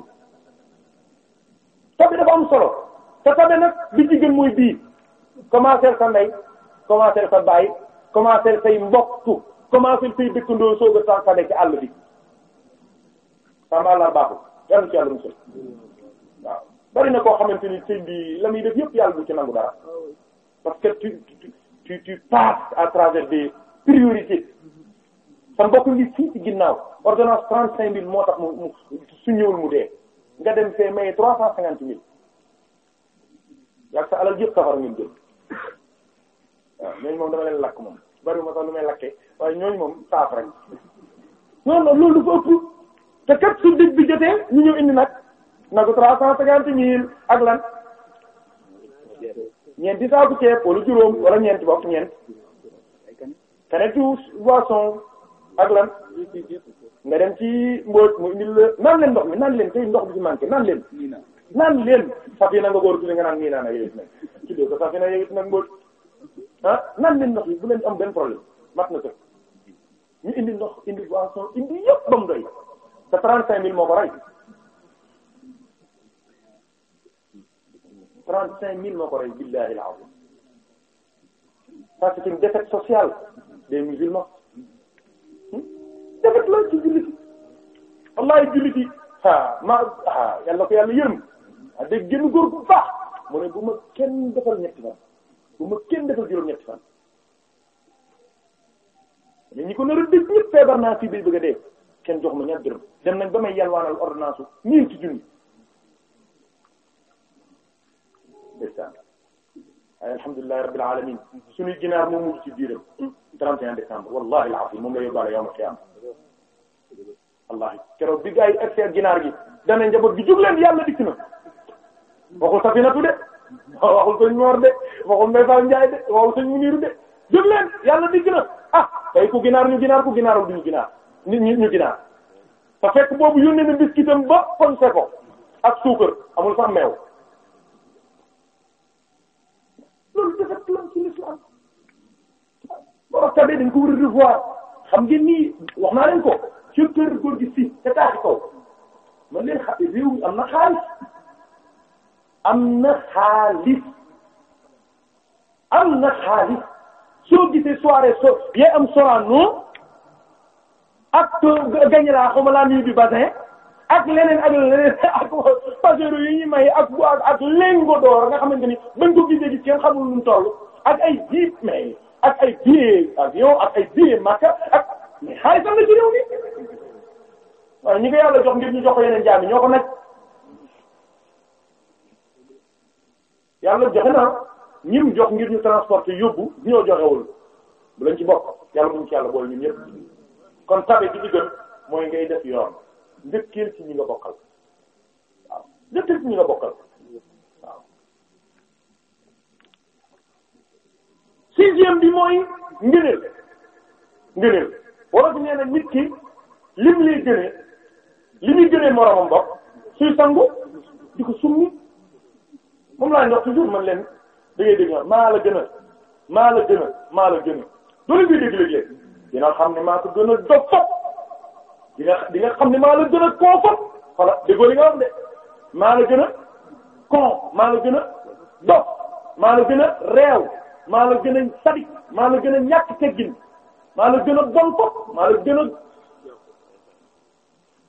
tabe dafa am solo te tabe nag bi ci mooy bii commencer sa ndey commencé sa bàyyi commencé say mbokk commencé say dëkkandoo soog a tànqale ci àll bi sama àllar baaxul yàlla ci yàlla musul waaw bari na koo xamante ni sëñ bi la muy yàlla bu ci nangu dara parce que tu tu tu tu passes à travers des priorités sa mbokk ngi fii ci ginnaaw ordonnance trente cinq mille moo tax mu mu su ñëwul mu dee nga dem fee maye trois cent cinquante mille yàgg sa alal yëpp safara ngeen jël waaw ñooñu moom dama leen lakk moom bariwuma sax lu may lakkee waaye ñooñu moom saaf rek non non loolu dafa ëpp te kat su dëj bi jotee ñu ñëw indi nag nagu trois cent cinquante mille ak lan ñeenti saaku ceeb wala juróom wala ñeenti bopp ñeent kanetu boisson ak lan nga dem ci mboot mu indil la naan leen ndox mi nan leen tey ndox bi ci manqué naan leen naan leen safina nga góor tu li nga naan nii naan a yowit nag tuddee ko safina yowit nag mboot ah naan leen ndox yi bu leen am benn problème mat na tëb ñu indi ndox indi boisson indi yëpp ba mu doy te 35000 moo ko moo ko rey billahi al-azim parce que c'est une défaite sociale des musulmans hmm? défaite la ci ma ah yàlla ko yàlla yërëm ah dégg génn góor bu baax mu ne bu ma kenn defal ñetti fan. bu ma kenn defal juróom-ñetti fan mais ñi ko nar a dégg ñëpp feebar naa fii bay bëgg a dee kenn jox ma ñaar dërëm dem nañ ba may yalwaanal ordonnance su ñeenti junni décembre alhamdulillahi rabbil alamin suñuy ginaar moo mujj ci biiram 31 décembre wallahi alazim moom la yóbbaale yawmal qiyaama wallahi keroog bi gaa yi egg seen ginaar gi dana njaboot gi jóg leen yàlla dikk na waxu safinatu de waxul sëñ Mor de waxul Mbaye Fall Ndiaye de waxul leen yàlla digg na ah tey ku ginaar ñu ginaar ku ginaarul duñu ginaar nit ñu ginaar te fekk boobu yónnee na biskitam ba fonse ko ak suukar amul sax meew loolu dafa plan ci l'islam boo tabee dañ ko war a revoir xam ngeen nii wax naa leen ko ci kër góor gi si te taaxi kaw leen xa réew mi am na xaalis am na xaalis am na xaalis soo gisee soirée so yee am Sorano ak gagné laa xaw ma laa nuyu bi basin ak leneen ak leneen ak pasero yi ñuy may ak ak ak lingot d'or nga xamante ni bañ ko gisee gis kenn xamul nu mu toll ak ay jiit mais ak ay billet avion ak ay billet Makka ak xaalis am na ci réew mi ñi ko yàlla jox ngir ñu jox ko yeneen jaam ñoo ko nag. yàlla joxe naa ñim jox ngir ñu transporter yóbbu ñoo joxewul bu lañ ci bokk yàlla buñ ci yàlla boole ñun ñëpp kon tabe bi ci mooy ngay def yoon njëkkeel ci ñi nga bokkal waaw ci ñi nga bokkal waaw sixième bi mooy ngëneel ngëneel wala bi nee na nit ki lim lay gënee li muy gënee moromam bokk suy sangu di ko summi moom laa ñor toujours man leen da ngay dégg maa la gën a maa la gën a maa la gën a doole bi dégg léeg dina xam ne maa ko gën a dog fop di nga xam ne maa la gën a koo fop voilà déggoo li nga wax de maa la gën a kon maa la gën a dof maa la gën a réew maa gën a sadik maa gën a ñàkk teggin maa gën a bon fop maa gën a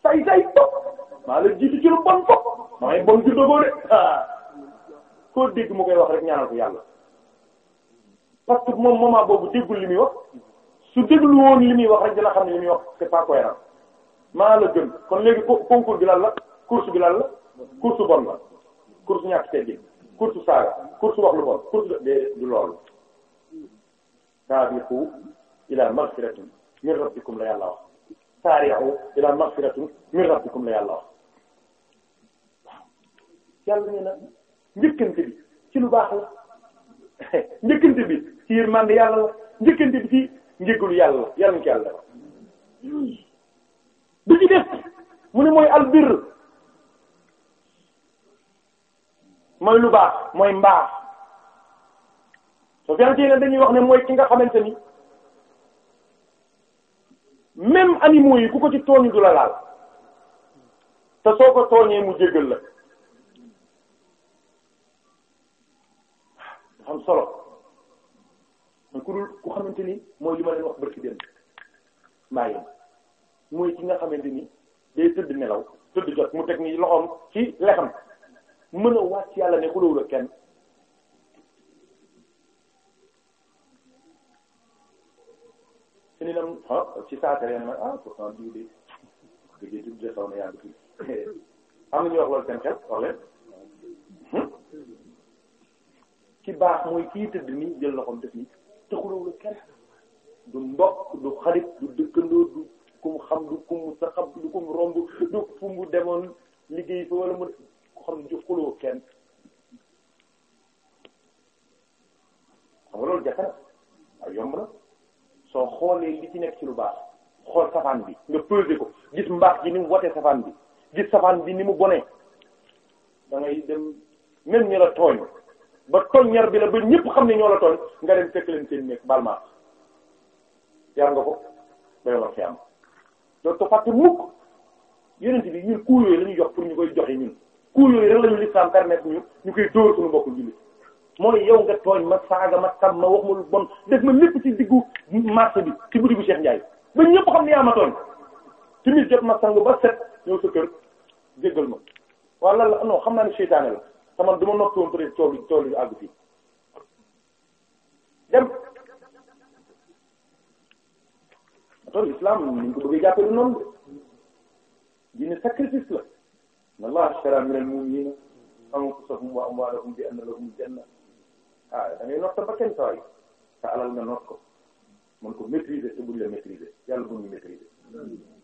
say say fop maa la ci lu bon fop maa ngi bon ci dogoo de koo dégg mu koy wax rek ñaanal ko yàlla parce que moom moment boobu déggul li muy wax su déglu woon li muy wax rek dina xam ne li muy wax c'est pas cohérent maa la gën kon léegi concours bi lan la course bi lan la course bon la course ñàkk teggi course saaga course wax lu bon course de du loolu sabiqu ila maghfiratin min rabbikum la yàlla wax saari'u ila maghfiratin min rabbikum la yàlla wax yàlla njëkkante bi ci lu baax la njëkkante bi ci yërmande yàlla la njëkkante bi ci njëgalu yàlla la yàlla ci yàlla mu ne mooy albir mooy lu baax mooy mbaax soo fiante ne dañuy wax ne mooy ki nga xamante ni même animaux yi ku ko ci tooñu du la laal te soo ko tooñee mu jéggal la am solo ku dul ku xamante ni mooy li ma leen wax barki dem mbaa yéen mooy ki nga xamante ni day tëdd nelaw tëdd jot mu teg ni loxoom ci lexam mën a wàcc yàlla ne ku dóowul ak kenn su ni nam ah, ci saaka leen ma ah pourtant diw de dëggee am na ñu wax loolu seen xel wax ci baax mooy kii tëdd ni jël loxoom def nii taxuloo la kenn du mbokk du xarit du dëkkandoo du kum xam du kum saxab du kum romb du fu demoon liggéey fa wala mu xam du xuloo kenn xam nga loolu jafe na yomb na soo xoolee li ci nekk ci lu baax xool safaan bi nga pesé ko gis mbaax gi ni mu wotee safaan bi gis safaan bi ni mu bonee da ngay dem même ñu la tooñ ba toñ ñar bi la ba ñëpp xam ne ñoo la toñ nga dem fekk leen seen nekk bal ma yar nga ko day war fi am loolu jox pour koy joxe ñun cours yooyu rek ñu l'islam permettre ñu ñu saaga ma tam ma wax def ma lépp ci diggu marché bi ci boutique bu Cheikh Ndiaye ba ñëpp xam ne yaa ma tooñ tamit jot ma sang ba set ñëw sa kër jéggal ma wala non xam naa ne seytaane la te man du ma noppi woon peut-être tool yi tool yi àgg fii dem tool islam ni ñu ko bëggee jàppale noonu de dina sacrifice la inna allaha ishtara mina al-mu'minina anfusahum wa amwalahum anna lahum janna ah da ngay noot sa bakkan saa yi alal nga noot ko ko maîtriser te la maîtriser yàlla buñ ñu maîtriser.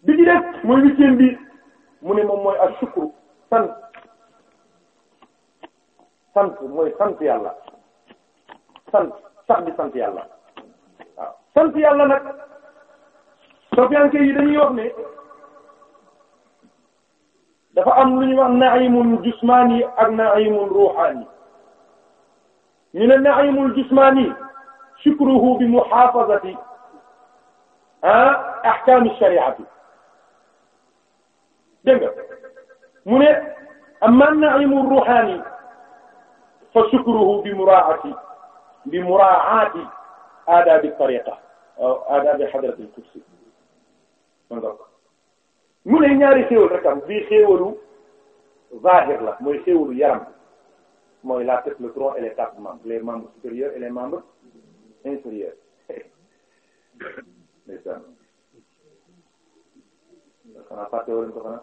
bi ci des mooy bi mu ne moom mooy ashukru sant. sant mooy sant yàlla sant sax di sant yàlla waaw sant yàlla nag sofianke yi dañuy wax ne dafa am lu ñuy wax naimun jusmani ak naimun ruhani ñu ne naimul jusmani shukruhu bi muhafazati ah ahkam shariati dégg nga mu ne amma naimu ruhani fa shukruhu bi muraati bi muraati aadaabi tariqa aadaabi hadratil kursi mu ne ñaari xéewal rek am bii zahir la mooy xéewalu yaram mooy la tête le et les quatre membres les membres supérieurs et les membres inférieurs xanaa fàtte woon ko xanaa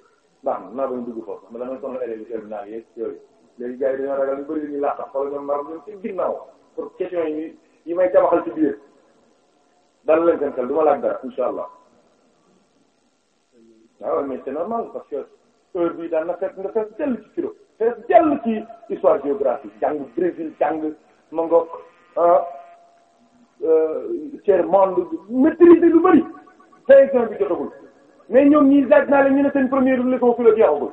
baax na maa bañ dugg foofu dama soxla élèves yi terminal yeeg yooyu léegi gars yi dañoo ragal lu bëri lu ñuy laax xool ñoom mar ñoom ci ginnaaw pour question yi yi may tabaxal ci biir dal leen seen xel du ma laaj dara incha allah waaw mais c'est normal parce que heure bii daan na fekk nga fekk jël ci kilo fekk histoire géographique jàng Brésil jàng Mangok ah tiers monde maîtriser lu bëri cinq ans mais ñoom ñii laaj naa leen ñu ne seen première leçon philo jeexagul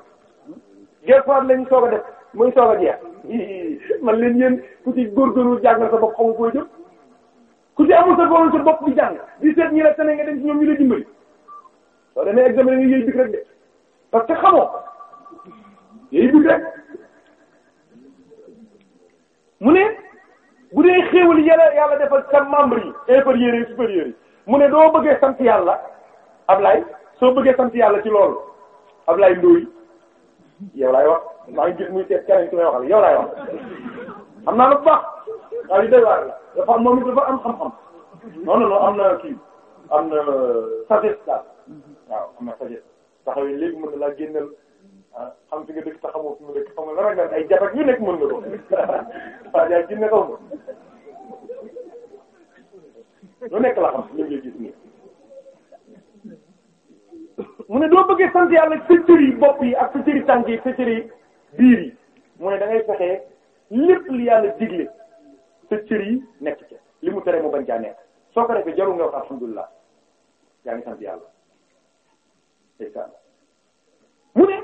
des fois lañu soog a def muy soog a jeex man leen yéen ku ci góorgóorlu jàngal sa bopp xamu koy ku ci amul sa bopp bopp di jàng di seet ñi la tane nga dem ci ñoom ñu la dimbali soo demee examen nga yëy dikk rek de parce que xamoo yëy dikk rek mu ne bu dee xéewal yàlla yàlla defal sa membre yi inférieurs yi supérieurs yi mu ne doo bëggee sant yàlla Ablaye soo bëggee sant yàlla ci loolu ay Ndoye yow laay wax maa ngi gis muy seet keneen ki may waxal yow laay wax xam naa lu baax waaye li waar la dafa am moom it dafa am xam-xam non am na kii am na euh, sagesse daal waaw am na sagesse taxawee léegi mën na laa génneel ah, xam fi nga dëkk taxamoo fi mu dëkk xam nga dara ay jafe yu nekk mën nga ko waaw yaa ngi génne kaw ma nekk la mu ne doo bëggee sant yàlla sa cër yi bopp yi ak sa cër yi tànk yi sa cër yi biir yi mu ne da fexee lépp li yàlla digle sa cër yi nekk ca li mu tere mu bañ caa nekk soo ko defee jarul nga wax alhamdulilah yaa ngi sant yàlla mu ne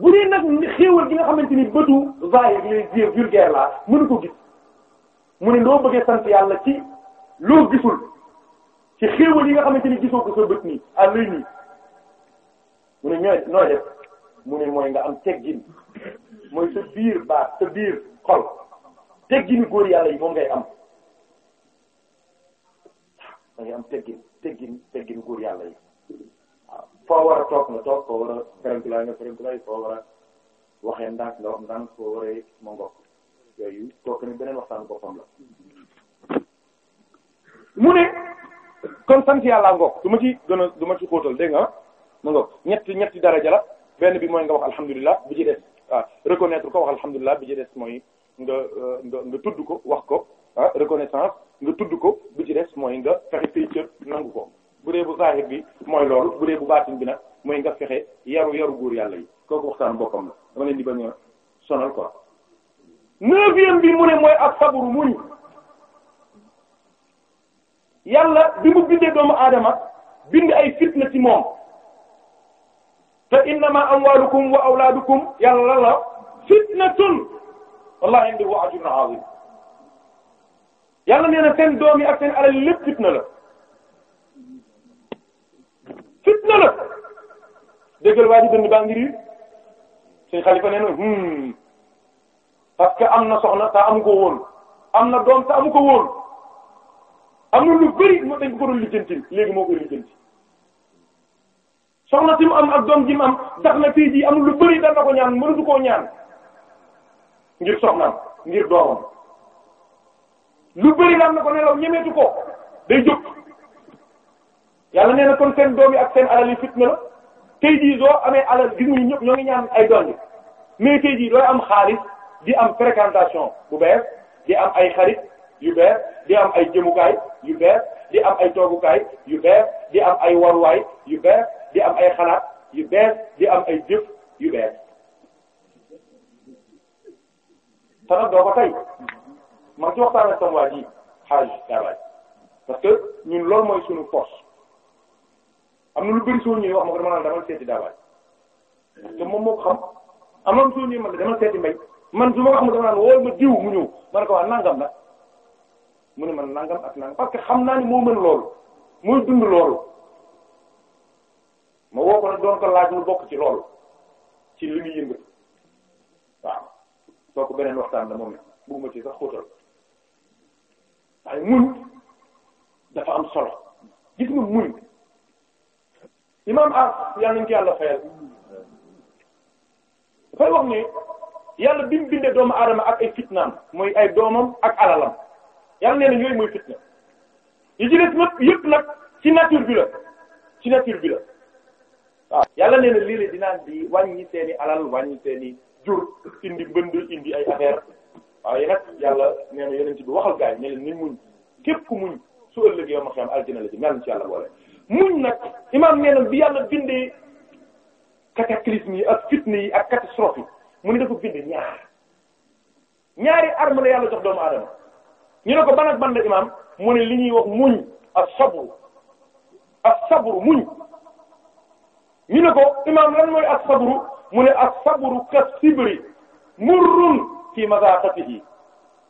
bu dee nag xéewal gi nga xamante ni bëtu vaillé les yeux vulgaires la mënu ko gis mu ne doo bëggee sant yàlla ci loo gisul ci xéewal yi nga xamante ni gisoo ko sa bët nii à l'œil nii mu ne ñooy noo mu ne mooy nga am teggin mooy sa biir baat sa biir xol tegginu góor yàlla yi moom ngay am da ngay am teggin teggin teggin góor yàlla yi foo war a toog nga toog foo war a ferenkulaay foo war a waxee ndànk nga wax ndànk foo war a ma ngoog ni beneen waxtaan boppam la mu ne kon yàlla ngoog du ci gën a du ci xóotal dégg nga mu nga ñetti ñetti daraja la benn bi mooy nga wax alhamdulilah bi ci des waaw ah, reconnaître ko wax alhamdulilah bi ci des mooy euh, nga nga tudd ko wax ko ah reconnaissance nga tudd ko bi ci des mooy nga fexe say nangu ko bu dee bu zahir bi mooy loolu bu dee bu baatin bi nag mooy nga fexe yaru yaru góor yàlla yi kooku waxtaan boppam la dama leen di bañ a sonal quoi. neuvième bi mu ne mooy ak sabru muñ yàlla bi mu bindee doomu aadama bind ay te innama amwalukum wa awlaadukum yàlla lan la fitnatun wallahi indi wa ajrun azim yàlla nee na seen doom yi ak seen alal lépp fitna la fitna la déggal waa ji dënd baa ngir yi suñ xalifa nee na hum parce que am na soxna te amu ko woon am na doom te amu ko woon am na lu bëri moo dañ ko ko doon lijjanti léegi moo koy lijjanti soxna si mu am ak doom ji mu am tax na fii ji amul lu bëri dana ko ñaan mënatu koo ñaan ngir soxnaam ngir doomam lu bari daan na ko nelaw ñemeetu ko day jóg yàlla nee na kon seen doom yi ak seen alal yi fitna la tey jii doo amee alal gis ñu ñëpp ñoo ngi ñaan ay doom yi mais tey jii dooy am xaalis di am fréquentation bu bees di am ay xarit yu bees di am ay jëmukaay yu bees di am ay toogukaay yu bees di am ay waruwaay yu bees di am ay xalaat yu bees di am ay jëf yu bees te nag doo ko tey man ci waxtaan ak sama waa ji xaaj daraay parce ñun loolu mooy suñu force am na lu bëri soo ñëwee wax ma ko dama naan dama seeti daraay moo ko xam amoon soo ñëwee man dama seeti mbay man ma ko xam dama naan woo ma diw mu ñëw ma ne ko waa nangam nag mu ne man nangam ak nangam parce que xam naa ne moo mën loolu mooy dund loolu. ma woo ko nag ko laaj lu bokk ci loolu ci li muy yëngatu waaw kooku beneen waxtaan la moom it bëgguma ci sax xóotal waaye muñ dafa am solo gis nga muñ imaam as yàlla nañu ko yàlla fayal dafay wax ne yàlla bi mu bindee doomu aadama ak ay fitnaam mooy ay doomam ak alalam yàlla nee na yooyu mooy fitna yi ci des nag yëpp nag ci nature bi la ci nature bi la. waaw ah, yàlla nee na lii dinaa di wàññi seen i alal wàññi seen i jur indi bënd indi ay affaire waaw yéen nag yàlla nee yeneen ci bi waxal gars yi ni muñ képp muñ su ëllëgee yow ma xam aljina la ci yàlla boole. muñ nag imaam nee bi yàlla bindee cataclysme yi ak fitne yi ak catastrophe mu ne dafa bind ñaar ñaari arme la yàlla jox doomu aadama ñu ko ban ak imaam mu ne li ñuy wax muñ ak sabru ak sabru muñ. ñu ne ko imaam lan mooy as-sabru mu ne as-sabru kas-sibri murrun fi mazaaqatihi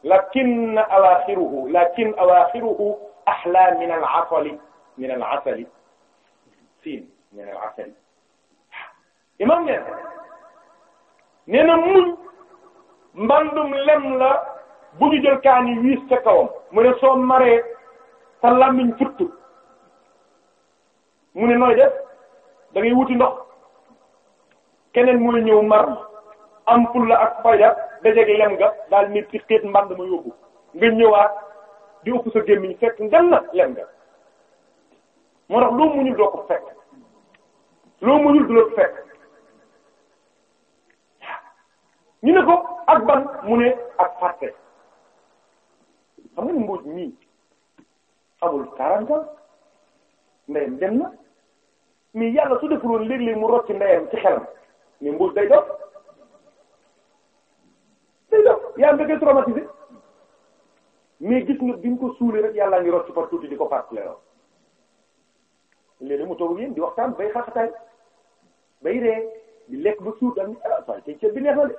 lakin awaaxiruhu lakin awaaxiruhu min al-asali min al-asali siin min al-asali imaam nee na nee na muñ mbandum lem la bu kaani wiis ca kawam mu ne soo maree sa làmmiñ futt mu ne nooy def da ngay wuti ndox keneen mooy ñëw mar am fulla ak fayda dajege yem nga daal nit ci mbànd ma yóbbu nga ñëwaat di ëpp sa gémmiñ fekk ngan na yem nga moo tax loo muñul doo ko fekk loo muñul du la fekk ñu ne ko ak ban mu ne ak fàtte xam nga ni mbooj mii amul quarante ans ndeyam dem na mais yàlla su deful woon léeg-léeg mu rocc ndeyam ci xelam mais mbuus day dox day dox yaa ngi koy traumatisé mais gis nga bi ko suulee rek yàllaa ngi rocc par tuuti di ko fàttali léegi mu toog yéen di waxtaan bay xaaxataay bay ree di lekk ba suur daal ah waaye tey ceeb bi neex na de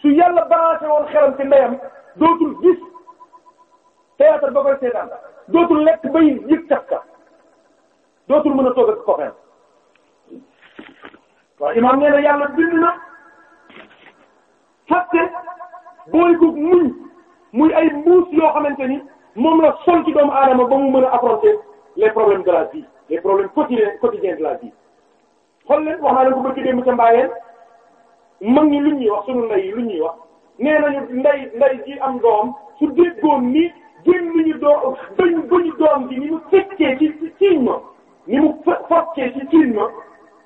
su yàlla branché woon xelam gis théâtre ba koy seetaan dootul lekk bay yëg caf ka dootul mën a toog ak copain imaam nee na yàlla bind na fàtte boole ko muñ muy ay mbuus yoo xamante ni moom la sol ci doomu aadama ba mu mën a affronter les problème de la vie les problèmes quotidiens quotidiens la vie. leen wax naa leen ko bëgg démb ca mbaayeen mag ñi lu ñuy wax sunu ndey yi lu ñuy wax nee nañu ndey ndey ji am doom su déggoon ni génn ñu doom bañ bañu doom ji ni mu fekkee ci ci ma. ni mu fokkee ci kilima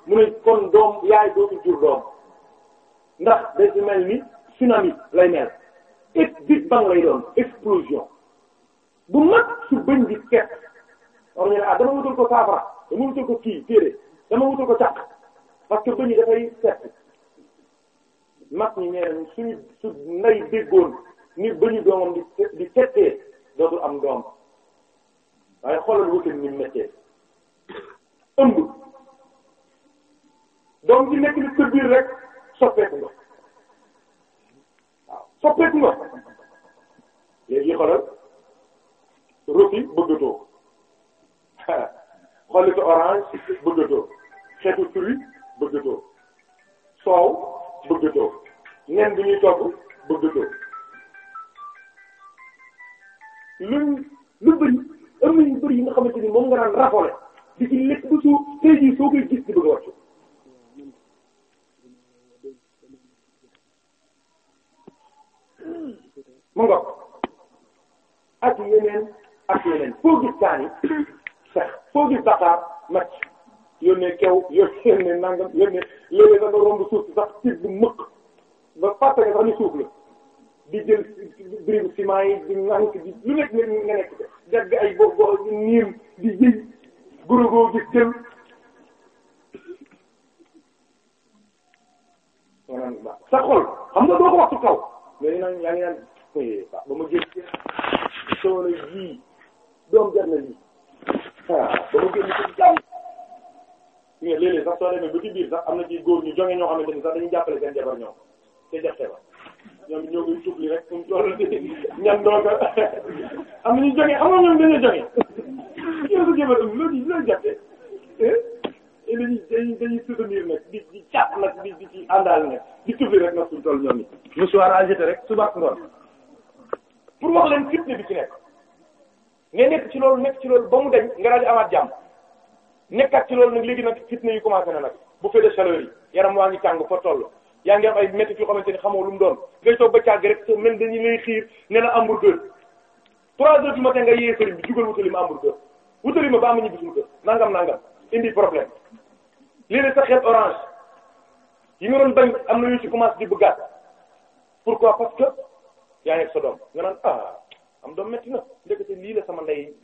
mu ne kon doom yaay doomu jur doom ndax day si mel ni tsunami lay mel et big bang lay doon explosion bu mag su bëñ di fekk xam nga ne ah wutal ko saafara dama wutal ko kii téere dama wutal ko càq parce que bëñ yi dafay fekk mag ñi nee nañ suñu su nday déggoon ni bëñu doomam di di fekkee am doom waaye xoolal wutal ni mu méttee ëmb doom ji nekk nit sa biir rek soppeeku nga waaw soppeeku nga léegi xoolal roti bëggatoo xollitu orange bëggatoo xeetu fruit bëggatoo soow bëggatoo nen bi ñuy togg bëggatoo luñ lu bëri ëmb yu bëri yi nga xamante ni moom nga daan rafole di ci lekk ba suuf tey jii soo koy gis di bëgg a wàcc mu ngoog ak yeneen ak yeneen foo gis kaani sax foo gis daxaar màcc yónnee kew yónnee nangam yónnee léeg suuf sax ci bu mëkk ba fàtte nga sax ni suuf la di jël bribu ciment yi di nank di lu nekk nga nekk dagg ay bo bo niim di jëy guro goo gis kenn sa xol xam nga doo ko waxtu kaw mais nag yaa ngi naan ba ma génn soo ne lii doom jar na lii ah ba ma génn ci jàmm mais léeg-léeg sax soo demee ba ci biir sax am na ci góor ñu jonge ñoo xamante ni sax dañuy jàppale seen jabar ñoom te jaxte ba ñoom ñoo koy tufli rek ñam doog a am na ñu jonge am na ñoom dañoo jonge yow su gëbal loo ci loo jàppee et eh? eh, dañuy dañuy dañuy soutenir nag di di càpp nag di di ci àndaale nag di tufli rek nag suñu tool ñoom ñi. mouchoir à jeter rek suba ngoon pour wax leen fitne bi ci nekk nga nekk ci loolu nekk ci lool ba mu dañ nga daal di amaat jàmm nekkaat ci loolu nag léegi nag fitne yu commencé na nag bu fee de chaleur yi yaram waa ngi tàng fa toll. yaa ngi am ay métti yoo xamante ni xamoo lu mu doon ngay toog ba càgg rek soo mel dañu lay xiir ne la hamburger wutali ma baa ma ñibbi suñu nangam nangam indi problème léeg-léeg sa orange yi nga doon bañ am na yu ci commencé di bëggaat pourquoi parce que yaa ngi nga naan ah am doom métti na ndekete la sama ndey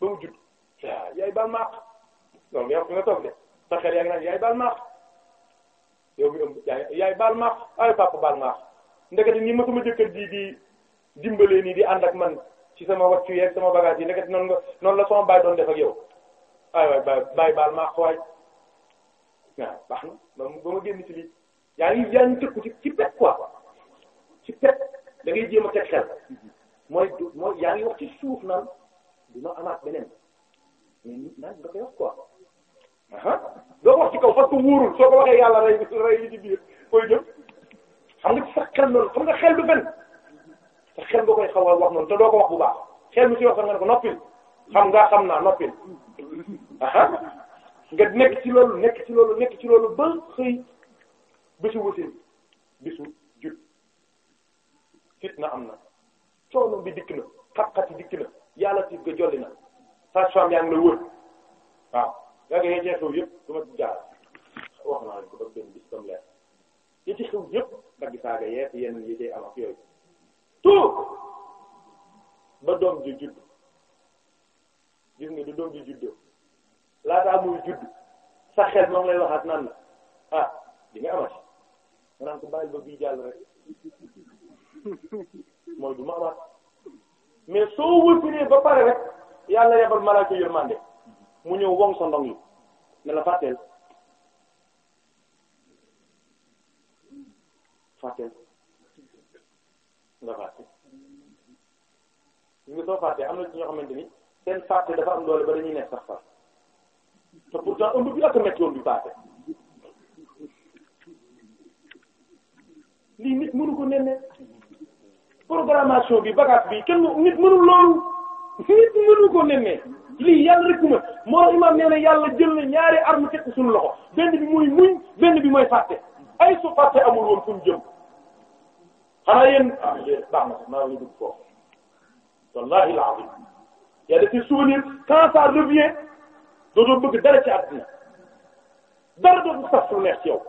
ba mu judd waaw ah, yaay baal ma àq non ay papa baal ma àq ndekete nii ma sama jëkkër di di dimbalee nii di ànd man. ci sama wàccu yeeg sama bagage yi nekk nga noonu la sama baay doon def ak yow waaye waay baay baay baal maa ko waay baax na ba mu ba ma génn ci lii yaa ngi yaa ngi tëkku ci ci pet quoi ci pet da ngay jéem a teg xel mooy mooy yaa ngi wax ci suuf naan dina amaat beneen mais nit naan da koy wax quoi ah doo wax ci kaw parce que wóorul soo ko waxee yàlla rey rey yi ci biir koy jëm xam nga sax xel noonu xam nga xel du benn. parce que xel boo koy xaw a wax noonu te ko wax bu baax nga ne ko noppil xam nga xam naa noppil aha nga nekk ci loolu nekk loolu nekk loolu ba xëy bésu wasin bisu jut fitna na coono bi dikk na xat-xat yi dikk na yàlla ci ga jolli na sage-femme yaa la wër waaw yaa ngi yee ci xew jaar wax naa ko ba bis ba mu ci xew yëpp dagg saaga yeek yenn yi cay am ak yooyu tout ba doom ji judd gis nga du doom ji juddoo laataa muy judd sa xel moom lay waxaat naan la ah di nga amaat ma naan ko bàyyi ba bii jàll rek mooy du ma amaat mais soo wëlbinee ba pare rek yàlla yebal malaaka yërmande mu ñëw woŋ sa yi ne la fàtteel fàtteel nga fàtte ñu soo fàttee am na ci ñoo xamante ni seen fàtte dafa am doole ba dañuy nekk sax sax te pourtant ëmb bi ak métti bi fàtte lii nit mënu ko nenne programmation bi bagage bi kenn nit mënul loolu nit mënu ko nenne lii yàlla rek moo imaam nee yàlla jël na ñaari arme teg suñu loxo benn bi muy muñ benn bi mooy fàtte ay su fàtte amul woon fu jëm xanaa yéen ah yéen baax na maa ngi dugg wallahi al-azim yaa dafay souvenir quand ça revient dootoo bëgg dara ci àdduna dara dootu sax lu neex ci yow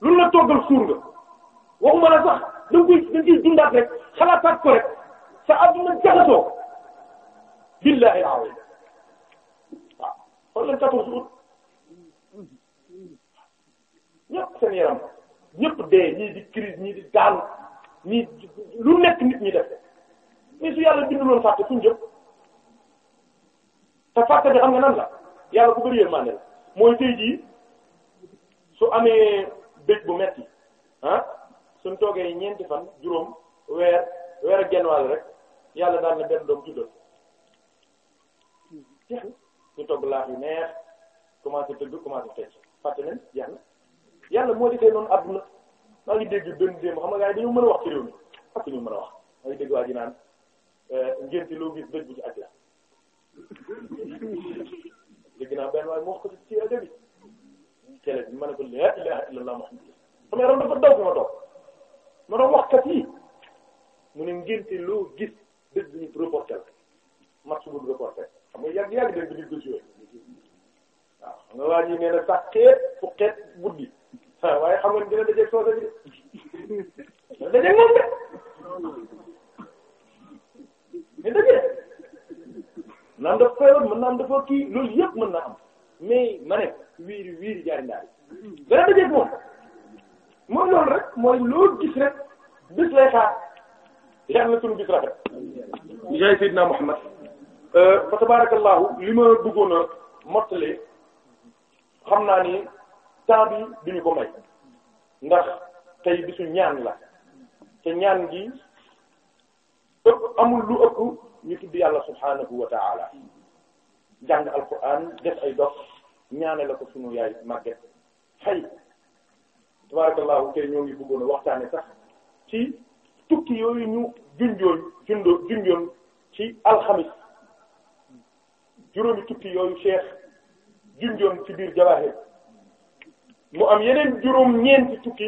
lu la toggal suur nga waxuma la sax da nga koy da nga koy dundaat rek xalaataat ko rek sa àdduna jaxasoo billahi al-azim waaw xool leen 14 août ñëpp seen yaram. ñëpp dee ñii di crise ñii di daanu ñii lu nekk nit ñi def mais su yàlla bindu loon fàtte fuñ jëm te fàtte bi xam nga nan la yàlla ku bëri yërmande mooy tey jii su amee dëj bu metti ah suñ toogee ñeenti fan juróom weer weer ak genn wàll rek yàlla daal na benn doom juddal jeex na ñu togg laax yu neex commencé tëdd commencé tëj fàtte nañ jeex yàlla moo defee noonu àdduna maa ngi dégg benn démb xam nga mën a wax ci réew mi ak ñu mën a wax maa ngi dégg waa ji naan euh, ngénte loo gis dëj bu ci aj la dégg naa benn waaye moo wax ko ci rajo bi télé bi ma ne ko laa ilaaha illallaah sama yaram dafa daw ma toog ma doon waxkat yi mu ne ngénte loo gis dëj bu ñu reporté la match bu reporté xam nga yàgg yàgg dégg bi ñu ko joué waaw nga waa ji nee na sax xeet waaye xam nga dina dajeeg soose bi de dajeeg moom de mais naan dafa feebar mën naa am dafa kii loolu yëpp mën na am mais ma wiiri wiiri jaari ndaari dana dajeeg moom mooy loolu rek mooy loo gis rek bis lay xaar yàlla na sunu bis rafet. yaay Seydina Muhammad euh, fa tabarakallahu li ma bëggoon a mottali xam naa ni. temps bi duñu ko may ndax tey bisu ñaan la te ñaan gi ëpp amul lu ëpp ñu tudd yàlla subhanahu wa ta'ala jàng alquran def ay dox ñaane la ko sunu yaay màgget xëy tabarakallahu tey ñoo ngi bëggoon waxtaane sax ci tukki yooyu ñu junjoon jundoo junjoon ci alxamis juróomi tukki yooyu cheikh junjoon ci biir jawahir mu am yeneen juróom ñeenti tukki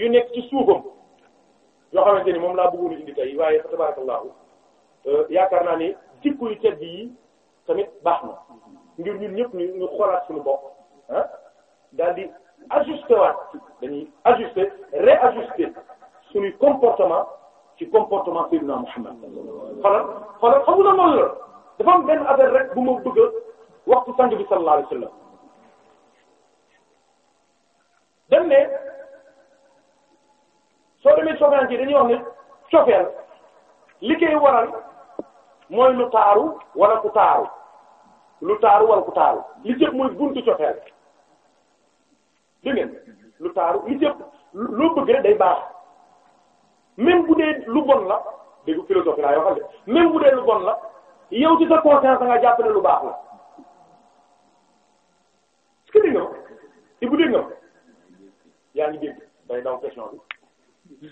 yu nekk ci suufam yoo xamante ni moom laa bëggoon indi tey waaye fa tabarakallahu euh, yaakaar naa ni jikko yu tedd yi tamit baax na ngir ñun ñëpp ñu ñu xoolaat suñu bopp ah daal di ajusté waat dañuy ajusté réajusté suñuy comportement ci comportement sayyidina Muhammad xolal xolal xamula noonu la dafa am benn affaire rek bu ma bëgg a wax ci sang dañ ne soo demee chauffeur dañuy wax ne chauffeur li koy waral mooy lu taaru wala ku taaru lu wala ku taaru li jëpp mooy buntu chauffeur dégg ngeen lu li jëpp loo bëgg rek baax même bu dee lu bon la dégg philosophie laa yoo xam ne même bu lu bon la yow ci sa conscience nga jàpp ne lu baax la est-ce que dégg nga. yaa ngi dégg day daw question bi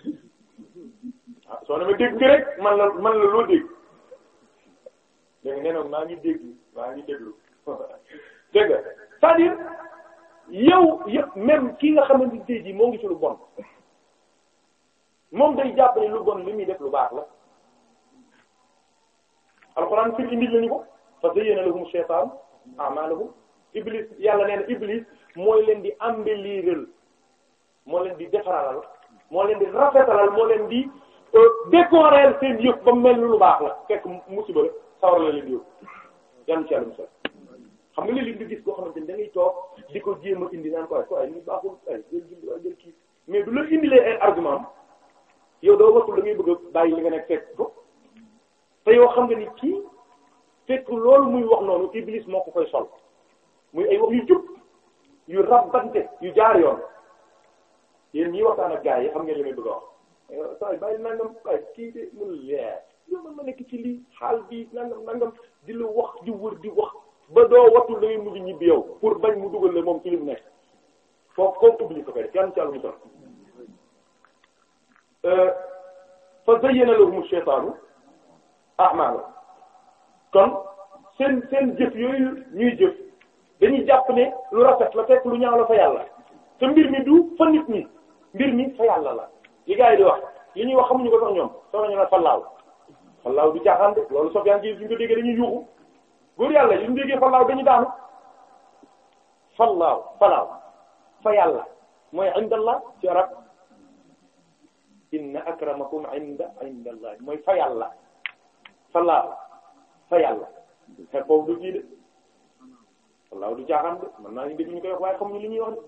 ah soo demee dégg rek man la man la loo dégg léegi nee maa ngi dégg maa ngi déglu dégg nga c'est-à-dire yow yëpp même ki nga xamante ni tey jii moo ngi ci lu bon moom day jàpp ne lu bon li muy def lu baax la alxuraan fir indi lañu ko fa zayyana lahum shaytaan a'maalahum iblis yàlla nee iblis mooy leen di embellir moo leen di defaralal moo leen bi rafetalal moo leen di euh, décorer seen yëpp ba mel ni lu baax la fekk musiba la sawar la leen yóbbu yan ci yàlla musal xam nga léeg-léeg nga gis koo xamante ni da ngay toog di ko jéem a indi naan ko ay mais du la indilee ay argument yow doo watul da bëgg a bàyyi li nga nekk fekk ko te yow xam nga ni kii fekk loolu muy wax noonu iblis moo ko koy sol muy ay wax yu jub yu rabbante yu jaar yoon yéen ñii waxtaan ak gars yi xam ngeen li may bëgg a wax eh, saa yi bàyyi nangam waaye kii de mun leer yow man ma nekk ci lii xaal bii nangam nangam di la wax di wër di wax ba doo wattul da ngay mujj ñibbi yow pour bañ mu dugal la moom ci li mu nekk foofu kooku ubbi ko fay mu toll. Euh, fa zayyana kon seen seen jëf yooyu ñuy jëf dañuy jàpp ne lu rafet la fekk lu ñaaw la fa yàlla te mbir mi du fa nit ñi. mbir mi fa yàlla la li gars di wax li ñuy wax xamuñu ko sax ñoom soo nañu ne fallaaw fallaaw du caaxaan de loolu Sofyan ci suñu ko déggee dañuy yuuxu góor yàlla yi ñu déggee fallaaw dañuy daanu fallaaw fallaaw fa yàlla mooy indallah ci arab fallaaw fa yàlla te foofu du naa ñu dégg ñu koy wax waaye xamuñu li ñuy wax de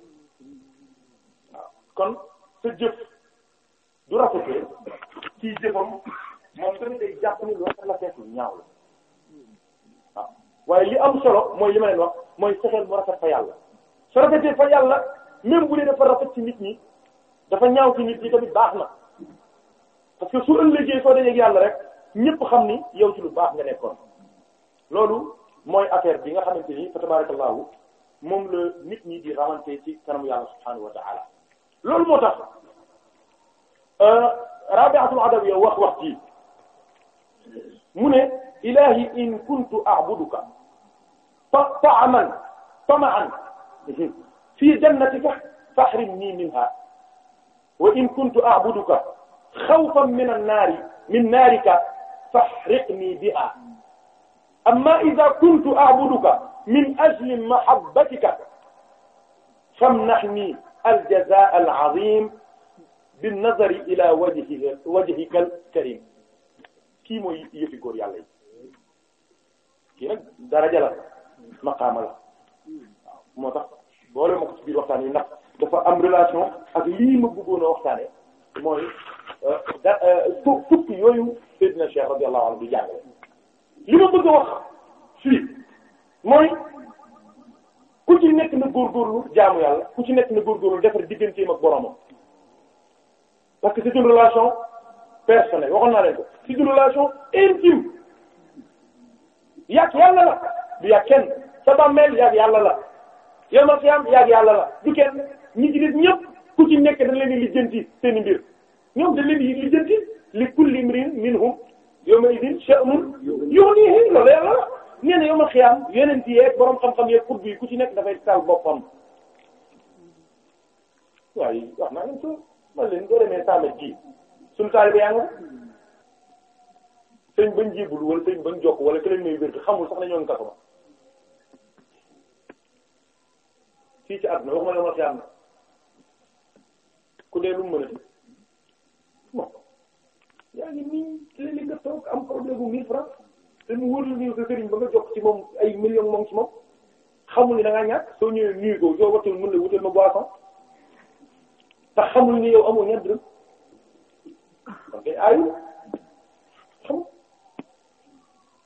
kon sa jëf du rafetee kii jëfam moom tamit day jàpp ni loolu la feetu ñaaw la waaw waaye li am solo mooy li ma leen wax mooy fexeel mu rafet fa yàlla su rafetee fa yàlla même bu dee dafa rafet ci nit ñi dafa ñaaw ci nit ñi tamit baax na parce que su ëllëgee soo dajee yàlla rek ñépp xam ni yow ci lu baax nga nekkoon loolu mooy affaire bi nga xamante ni fa tabarakallahu moom la nit ñi di rawante ci kanamu yàlla subhanahu wa loolu moo tax euh, rabi'atul adawiyya wax wax ci mu ne ilahi in kuntu a'buduka ta'aman tama'an fi jannatika fahrimni minha wa in kuntu a'buduka khawfan min an-nari min narika fahriqni biha amma idha kuntu a'buduka min ajli mahabbatika famnahni الجزاء العظيم بالنظر إلى وجهه وجهك الكريم kii mooy yëfi góor yàlla yi kii nag daraja la maqaama la moo tax boole ma ko ci biir waxtaan yi ndax dafa am relation ak lii ma bëggoon a waxtaane mooy euh, da euh, fukk yooyu Seydina Cheikh radiyallahu anhu di li ma bëgg a wax fii mooy ku ci nekk na góorgóorlu jaamu yàlla ku ci nekk na góorgóorlu defar digganteem ak boromam parce que c'est une relation personnelle waxoon naa leen ko c'est une relation intime yàgg yàlla la du yàgg yàlla la yoma si am yàgg yàlla la du kenn ñi ci des ñëpp ku ci nekk dañ leen lijjanti seen mbir ñoom dañ leen lijjanti li kulli imrin minhum yawma idin sha'nun yughnihi loolu yàlla la nee na yawmal xiyaam yeneen ci yeeg xam-xam yeeg xutb yi ku ci nekk dafay sal boppam waaye wax naa leen soo man leen boo demee Samba ji suñu taalibe yaa nga sëñ bañ jébul wala sëñ jokk wala ki lañ may wér xamul sax ne ñoo ngi kaso ba fii ci àdduna waxuma yawmal xiyaam na ku dee lu mu mën a ti yaa ngi nii léeg nga toog am problème bu mille francs te mu wóor la sa sëriñ ba nga jox ci moom ay millions moom ci moom xamul ni da ngaa ñàkk soo ñëwee nuyu ko soo wattul mën la wutal ma boisson te xam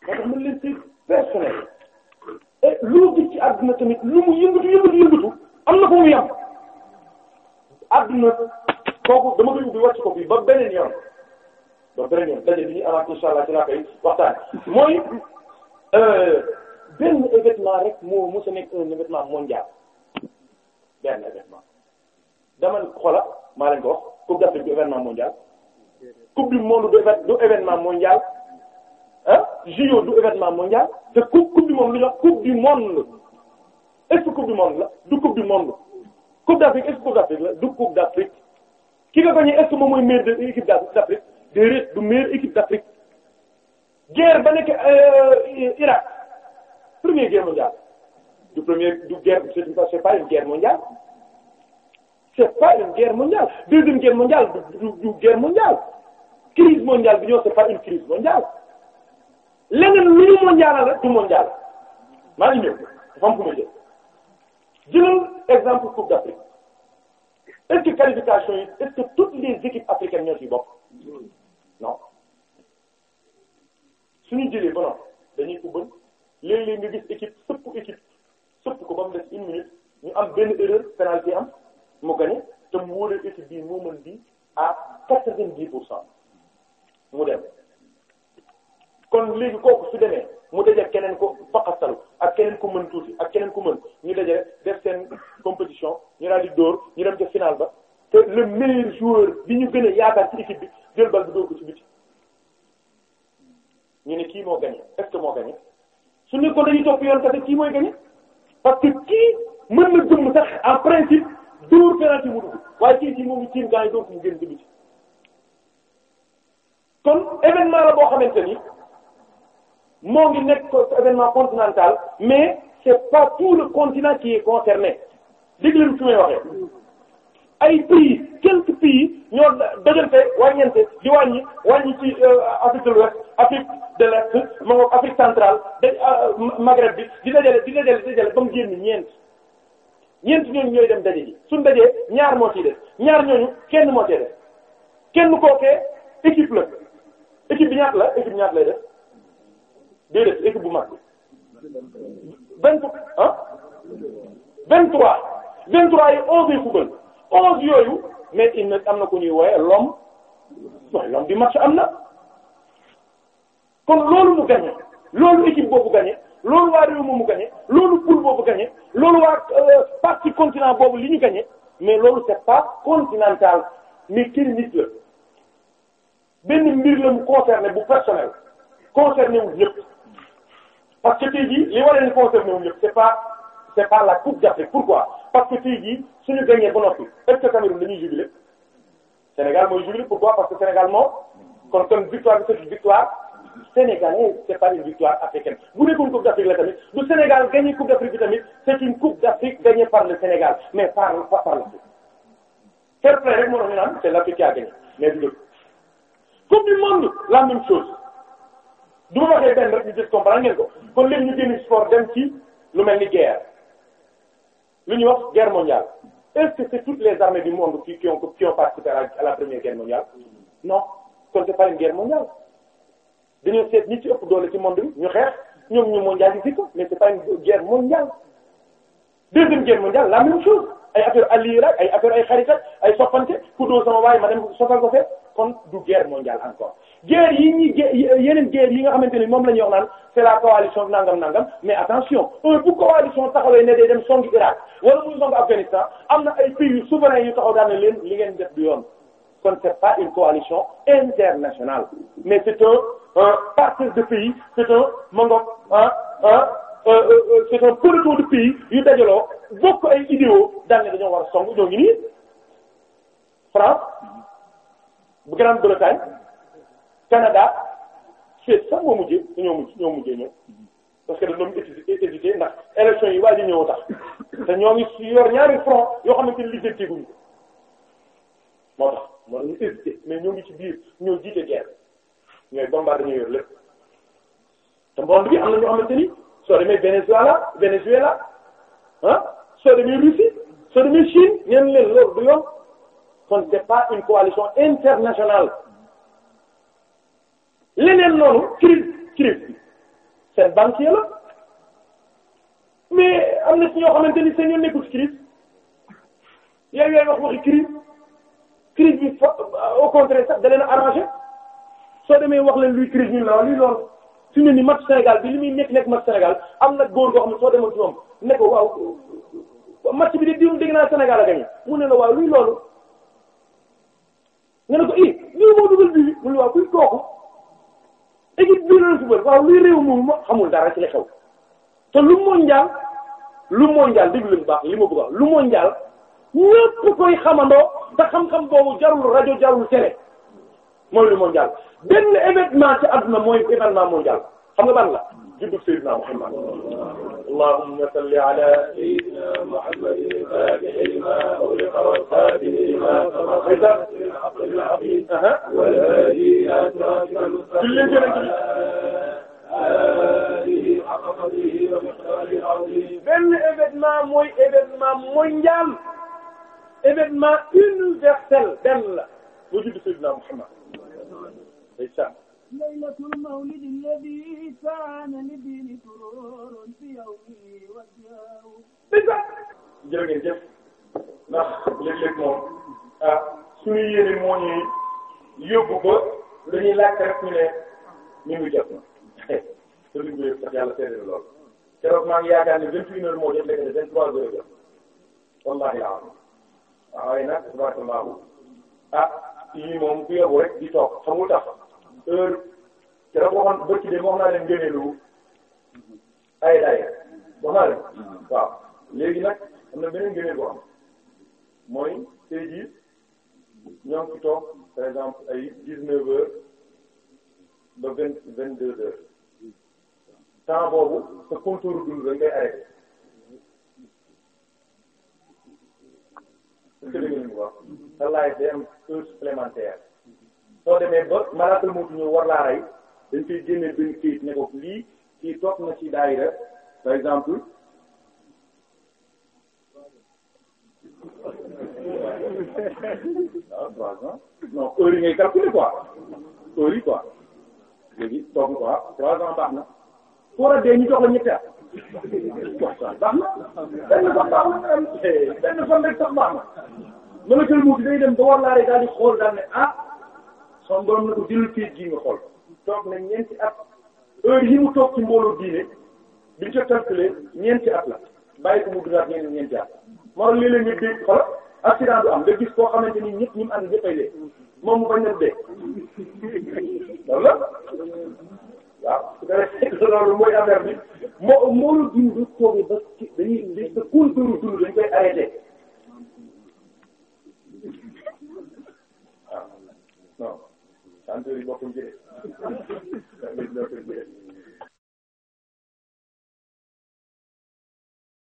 nga tax mën leen c'est personnel et lu ci àdduna tamit lu mu yëngatu yëngatu yëngatu am na ko mu yam àdduna kooku dama koy ubbi wàcc ko fii ba beneen yoon. donc beneen yoon daje bi ñu amaat incha allah ci laa koy waxtaan mooy benn événement rek moo mos a nekk un événement mondial benn événement dama xola maa leen ko wax coupe d'Afrique du événement mondial coupe du monde du événement mondial ah JO du événement mondial te coupe coupe du monde lu ñu wax coupe du monde est-ce que coupe du monde la du coupe du monde coupe d'Afrique est-ce ki nga ko ñi est-ce que moom mooy meilleur de déedéet du meilleure équipe d'Afrique guerre ba nekk euh, Irak première guerre mondiale du première du guerre c'est pas c'est pas une guerre mondiale c'est pas une guerre mondiale deuxième guerre mondiale du du, du guerre mondiale crise mondiale bi ñoo c'est pas mondial rek du mondial maa ngi ñëw dafa am fu ma jël jëlal exemple Coupe d'Afrique est-ce que qualification yi est-ce toutes les équipes africaines ñoo ci bokk. non suñu jëlee ba dañuy ubbal léeg-léeg nga gis équipe sëpp équipe sëpp ko ba mu des une minute ñu am benn erreur pénalité am mu gagné te mu wóor équipe bii moo mën bi à quatre-vingt-dix pour cent mu dem kon léegi kooku su demee mu daje keneen ko faqastalu ak keneen ko mën tuuti ak keneen ko mën ñu daje def seen compétition ñu daal di dóor ñu dem ca final ba te le meilleur joueur bi ñu gën a yaakaar ci équipe bi jël bal bi dóor ko ci biti ñu ne kii moo gagné est ce que moo gagné su ne ko topp yoon kese kii mooy gagné parce que kii mën na jëmm sax en principe dóor penalty mu dugg waaye kii ci moomu ciin gaa yi dóor ko mu génn ci biti kon événement la boo xamante ni moo ngi nekk événement continental mais c'est pas tout le continent qui est concerné dégg leen waxee ay pays quelques pays ñoo dajante wàññeente di wàññi wàññi ci euh, Afrique de l'Ouest Afrique de l'Est ma ngoog Afrique centrale da euh, Maghreb bi di dajale di dajale di dajale ba génn ñeent ñeent ñooñu ñooy dem daje suñ dajee ñaar moo ciy def ñaar ñooñu kenn moo ciy def kenn kookee équipe la équipe bi ñaat la équipe ñaat lay def day def équipe bu mag vingt vingt trois vingt trois yi onze yi fubal onze yooyu mais il nag am na ku ñuy wooye l'homme lom l'homme du match am na kon loolu mu gagné loolu équipe boobu gagné loolu waa réew mu gagné loolu poule boobu gagné loolu waa euh, partie continent boobu li ñu gagné mais loolu c'est pas continental mais nit la benn mbir la mu concerné bu personnel concerné wu ñëpp parce que tey jii li war a leen concerné wu ñëpp c'est pas c'est la coupe d'Afrique pourquoi parce que tey jii suñu gagné ba noppi est-ce que Cameroun dañuy jubilé Sénégal mooy jubilé pourquoi parce que Sénégal moom kon kon victoire bi c'est une victoire sénégalaise c'est pas une victoire africaine bu nekkoon coupe d'Afrique la tamit du Sénégal gagné coupe d'Afrique bi tamit c'est une coupe d'Afrique gagnée par le Sénégal mais pas par l'Afrique fair play rek moo tax ñu naan c'est l'Afrique qui a gagné mais du dëgg coupe du monde la même chose du ma waxee benn rek ñu gis comprendre ngeen ko kon léegi ci lu mel ni li ñuy wax guerre mondiale est-ce que c'est toutes les armées du monde qui qui ont qui ont participé à la première guerre mondiale non kon c'est pas une guerre mondiale dañoo seet ñi ci ëpp doole ci monde bi ñu xeex ñoom ñu mondialisé ko mais c'est pas une guerre mondiale deuxième guerre mondiale la même chose ay affaire alliés ay affaire ay xaritat ay soppante ku doo sama waay ma dem ko fee kon du guerre mondiale encore guerre yi ñuy yeneen guerre yi nga xamante ni moom la ñuy wax naan c'est la coalition nangam nangam mais attention un bu coalition taxawee ne day dem songu Irak wala muy songu Afghanistan am na ay pays yu souverains yu taxaw daan ne leen li ngeen def du yoon kon c'est pas une coalition internationale mais c'est un un partage de pays c'est un mangok ah ah c'est un peloton de pays yu dajaloo bokk ay idéaux daan ne dañoo war a songu ñoo ngi Grande-Bretagne Canada Suède sax moo mujjee ñoo mujj ñoo mujjee ñëw parce que dañ doon hésité ndax élection yi waa ji ñëw tax te ñoo ngi yor ñaari front yoo xamante ni lijjanti guñu moo tax moo tax ñu hésité mais ñoo ngi ci biir ñoo jiite guerre ñooy bombardé dañoo yor lépp te monde bi am na ñoo xamante ni soo demee Venezuela Venezuela ah soo demee Russie soo demee Chine ñeen leen loolu du yoon ce n'était pas une coalition internationale leneen noonu crise crise bi seen banquier la mais am na ci ñoo xamante ni seen yoon nekkul ci crise yooyu yooyu wax waxi crise crise bi au contraire sax da leen arrangé soo demee wax leen luy crise ñun la luy loolu su ni match Sénégal bi li muy nekk nekk match Sénégal am na góor goo xam ne soo demoon ci moom ne ko match bi de diwum dégg naa Sénégal a gagné mu ne la waaw luy loolu nga ne ko eh lii moo dugal bii mu ne waaw kuy kooku équipe bii la la subal waaw luy réew moom ma xamul dara ci li xew te lu mondial lu mondial déglu leen baax li ma bëgg a wax lu mondial ñépp koy xamandoo te xam-xam boobu jarul rajo jarul télé mooy lu mondial benn événement ci àdduna mooy événement mondial xam nga ban la. juddu Seydina Muhammad allahumma salli ala sayyidina Muhammad al-fatihi lima ughliqa wal-khatibi lima sabaqa lil haqqi al-'azim wal-hadi ila siratika al-mustaqim alihi haqqa qadrihi wa miqdarihi al-'azim benn événement mooy événement mondial événement universel benn la bu juddu Seydina Muhammad ليلة المولد الذي كان للدين سرور في يومه وجهه. jërëjëf ndax léeg-léeg moom ah suñu yéene moo ñuy yóbbu ba dañuy laaj rek ñu ne ñu ngi jot na te duñ ko yëg sax yàlla seetlu na lool keroog maa ngi yaakaar ne vingt une heures moo jot léegi ne vingt trois heures jot wallahi waaw waaye nag tabarakallahu ah yii moom ku yóbbu rek di toog xamul tax. heure te dafa waxoon bëccëg de wax naa leen gëneelu ay ay wax naa leen waaw léegi nag am na beneen gëneel boo am mooy tey jii ñoo par exemple ay ba vingt vingt-deux heures temps boobu sa contour dund da ngay arrêté est-ce soo demee ba malaatal mawtu ñëw war laa rey dañ koy génneel benn ne ko lii kii toog na ci daayira par exemple ah trois ans non heure yi ngay calculer quoi heure yi quoi léegi toog na quoi trois ans baax na a dee ñu jox day dem ba war laa rey daal ne ah kon doon na ko jëlal kayit gii nga xool toog na ñeenti at heure yi mu toog ci mbooloo diine bi ñu ko calculé ñeenti at la bàyyi ko mu dugaat ñeenti at moral léeg-léeg nga dégg xola accident du am nga gis koo xamante ni ñëpp ñu mu ànd ñëppay dee moom mu bañ a dee loolu waaw su ko defee loolu mooy dund toogee koy arrêté waaw non sant yi bokkul jëlee.